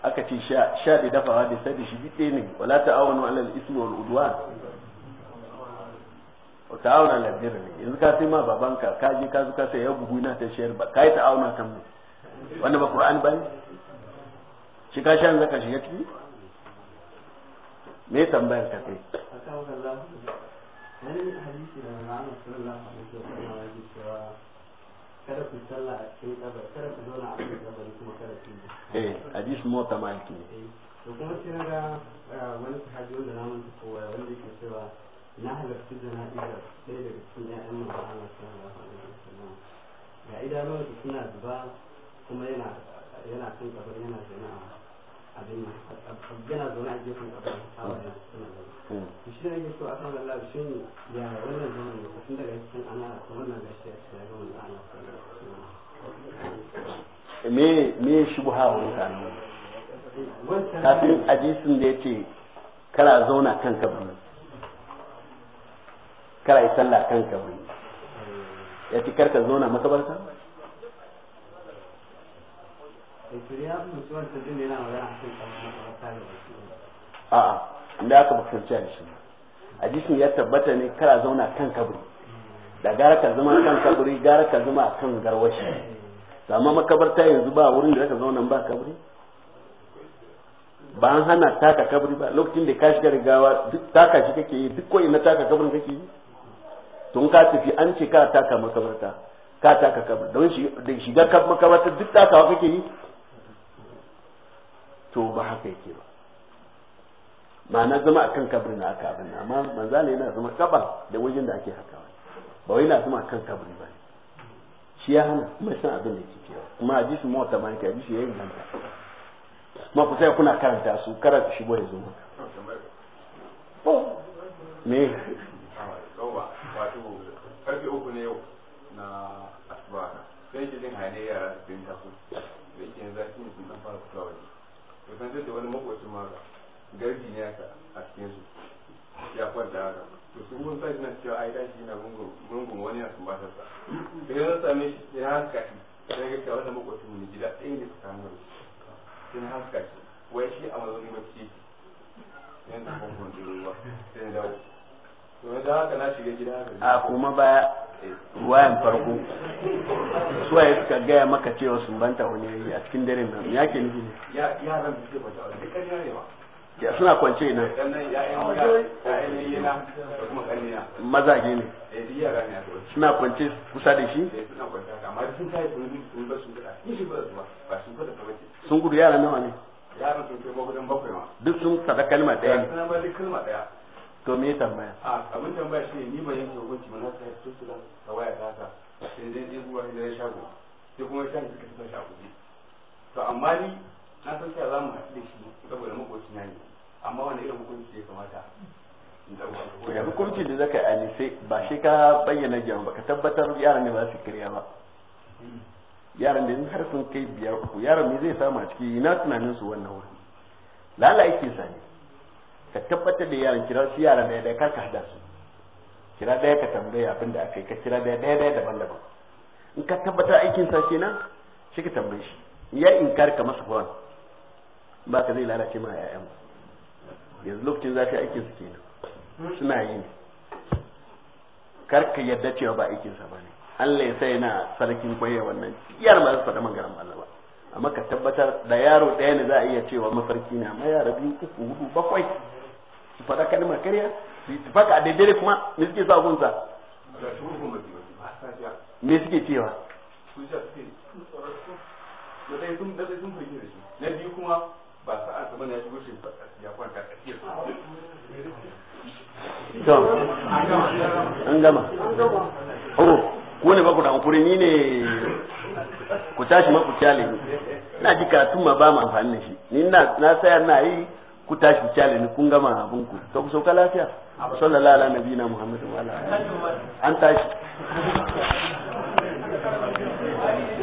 Speaker 1: aka ce sha sha da dafawa da sai da shi duk ne wala ta'awanu alal ismi wal udwan wa ta'awanu alal birri yanzu ka sai ma babanka ka je ka zuka sai ya bugu na ta shayar ba kai ta'awuna kan mu wannan ba qur'ani bane shi ka sha zaka shiga ciki me tambayar ka kai
Speaker 2: hadisi da ma'ana sallallahu alaihi wa sallam kada ku sallah a cikin kabar kada ku zauna a cikin kabar kuma kada ku eh
Speaker 1: hadis mota maliki eh,
Speaker 2: to kuma sai na ga eh, wani sahabi wanda na mun ko wanda yake cewa na
Speaker 1: halarci jana'izar ɗaya daga cikin ƴaƴan manzon Allah sallallahu alaihi wasallam ga suna zuba kuma yana yana kan kabar yana jana'a abin yana zaune a gefen ƙasa a wajen ah. suna zaune hmm. shi ne ake a kan lalla shi ne ya wannan zaman da kusan daga cikin ana wannan gashi a cikin da ana me me shi buha kafin da ya ce kara zauna kan kabari kara yi sallah kan kabari ya ce karka zauna makabarta a'a inda aka bakanci hadisi hadisin ya tabbata ne kara zauna kan kaburi da gara ka zama kan kaburi gara ka zama kan garwashi zama makabarta yanzu ba wurin da zaka zauna ba kaburi ba an hana taka kaburi ba lokacin da ka shiga rigawa duk taka shi kake yi duk koyi na taka kaburin kake yi tun ka tafi an ce ka taka makabarta ka taka kaburi don shiga makabarta duk takawa kake yi to ba haka yake ba na zama akan kabri na aka abin amma manzala yana zama kabar da wajen da ake haka ba wai na zama akan kabri ba ne shi ya hana kuma san abin da ke kewa kuma a ji mota ma yake ji shi ya yi nan ma ku sai kuna karanta su karanta shi ya zo
Speaker 2: oh, fitar da wani makwacin mara garbi ne a cikin su ya kwanta haka to sun mun sai na cewa ai tashi yana gungun wani ya sumbatar sa sai ya same shi ya haska shi sai ga cewa wannan makwacin ne gida ɗaya ne suka hannu sai na haska shi wai shi a mazauni mace yanzu kuma kuma ruwa sai na dawo
Speaker 1: a kuma ba wayan farko suwaye suka gaya maka cewa sun banta wani yayi a cikin dare nan ya ke nufi ya suna kwance na ke ne eh, suna kwance kusa da shi eh, sun gudu yara nawa ne duk sun sada kalma daya ne to me tambaya a abin tambaya shi ni ba yin hukunci ba na sai tuttula ta waya ta ta sai dai dai zuwa da shago sai kuma shan suka suka shago to amma ni na san cewa za mu haɗu da shi saboda makoci na ne amma wani irin hukunci ya kamata ya hukunci da zaka yi alise ba shi ka bayyana jama ba ka tabbatar yaran ne ba su kirya ba yaran da in har sun kai biyar uku yaran ne zai samu a ciki ina tunanin su wannan wani lalai ke sani ka tabbatar da yaran kira su yara ɗaya ɗaya kar ka hada su kira ɗaya ka tambaye abin da aka yi ka kira ɗaya ɗaya ɗaya daban daban in ka tabbatar aikin sa kenan shi ka tambaye shi ya inkar ka masa fawan ba ka zai lalace ma ƴaƴan ba yanzu lokacin zafi aikin su kenan suna yi ne kar ka yadda cewa ba aikin sa bane Allah ya sa yana sarkin kwaye wannan yar ma faɗa mangaran Allah ba amma ka tabbatar da yaro ɗaya ne za a iya cewa mafarki na ma yara biyu uku hudu bakwai su faɗa kalmar karya su yi tufaka a daidai kuma me suke sa gunsa me suke cewa na biyu kuma ba sa'a zama ya shigo shi ya kwanta tsakiyar to an gama oh ko ne ba ku da hankuri ni ne ku tashi ma ku kyale ni na ji karatu ma ba mu amfani da shi ni na na saya na yi ku tashi ku kyale ni kun gama abin ku to ku sauka lafiya sallallahu alaihi wa nabiyina muhammadin wa ala an tashi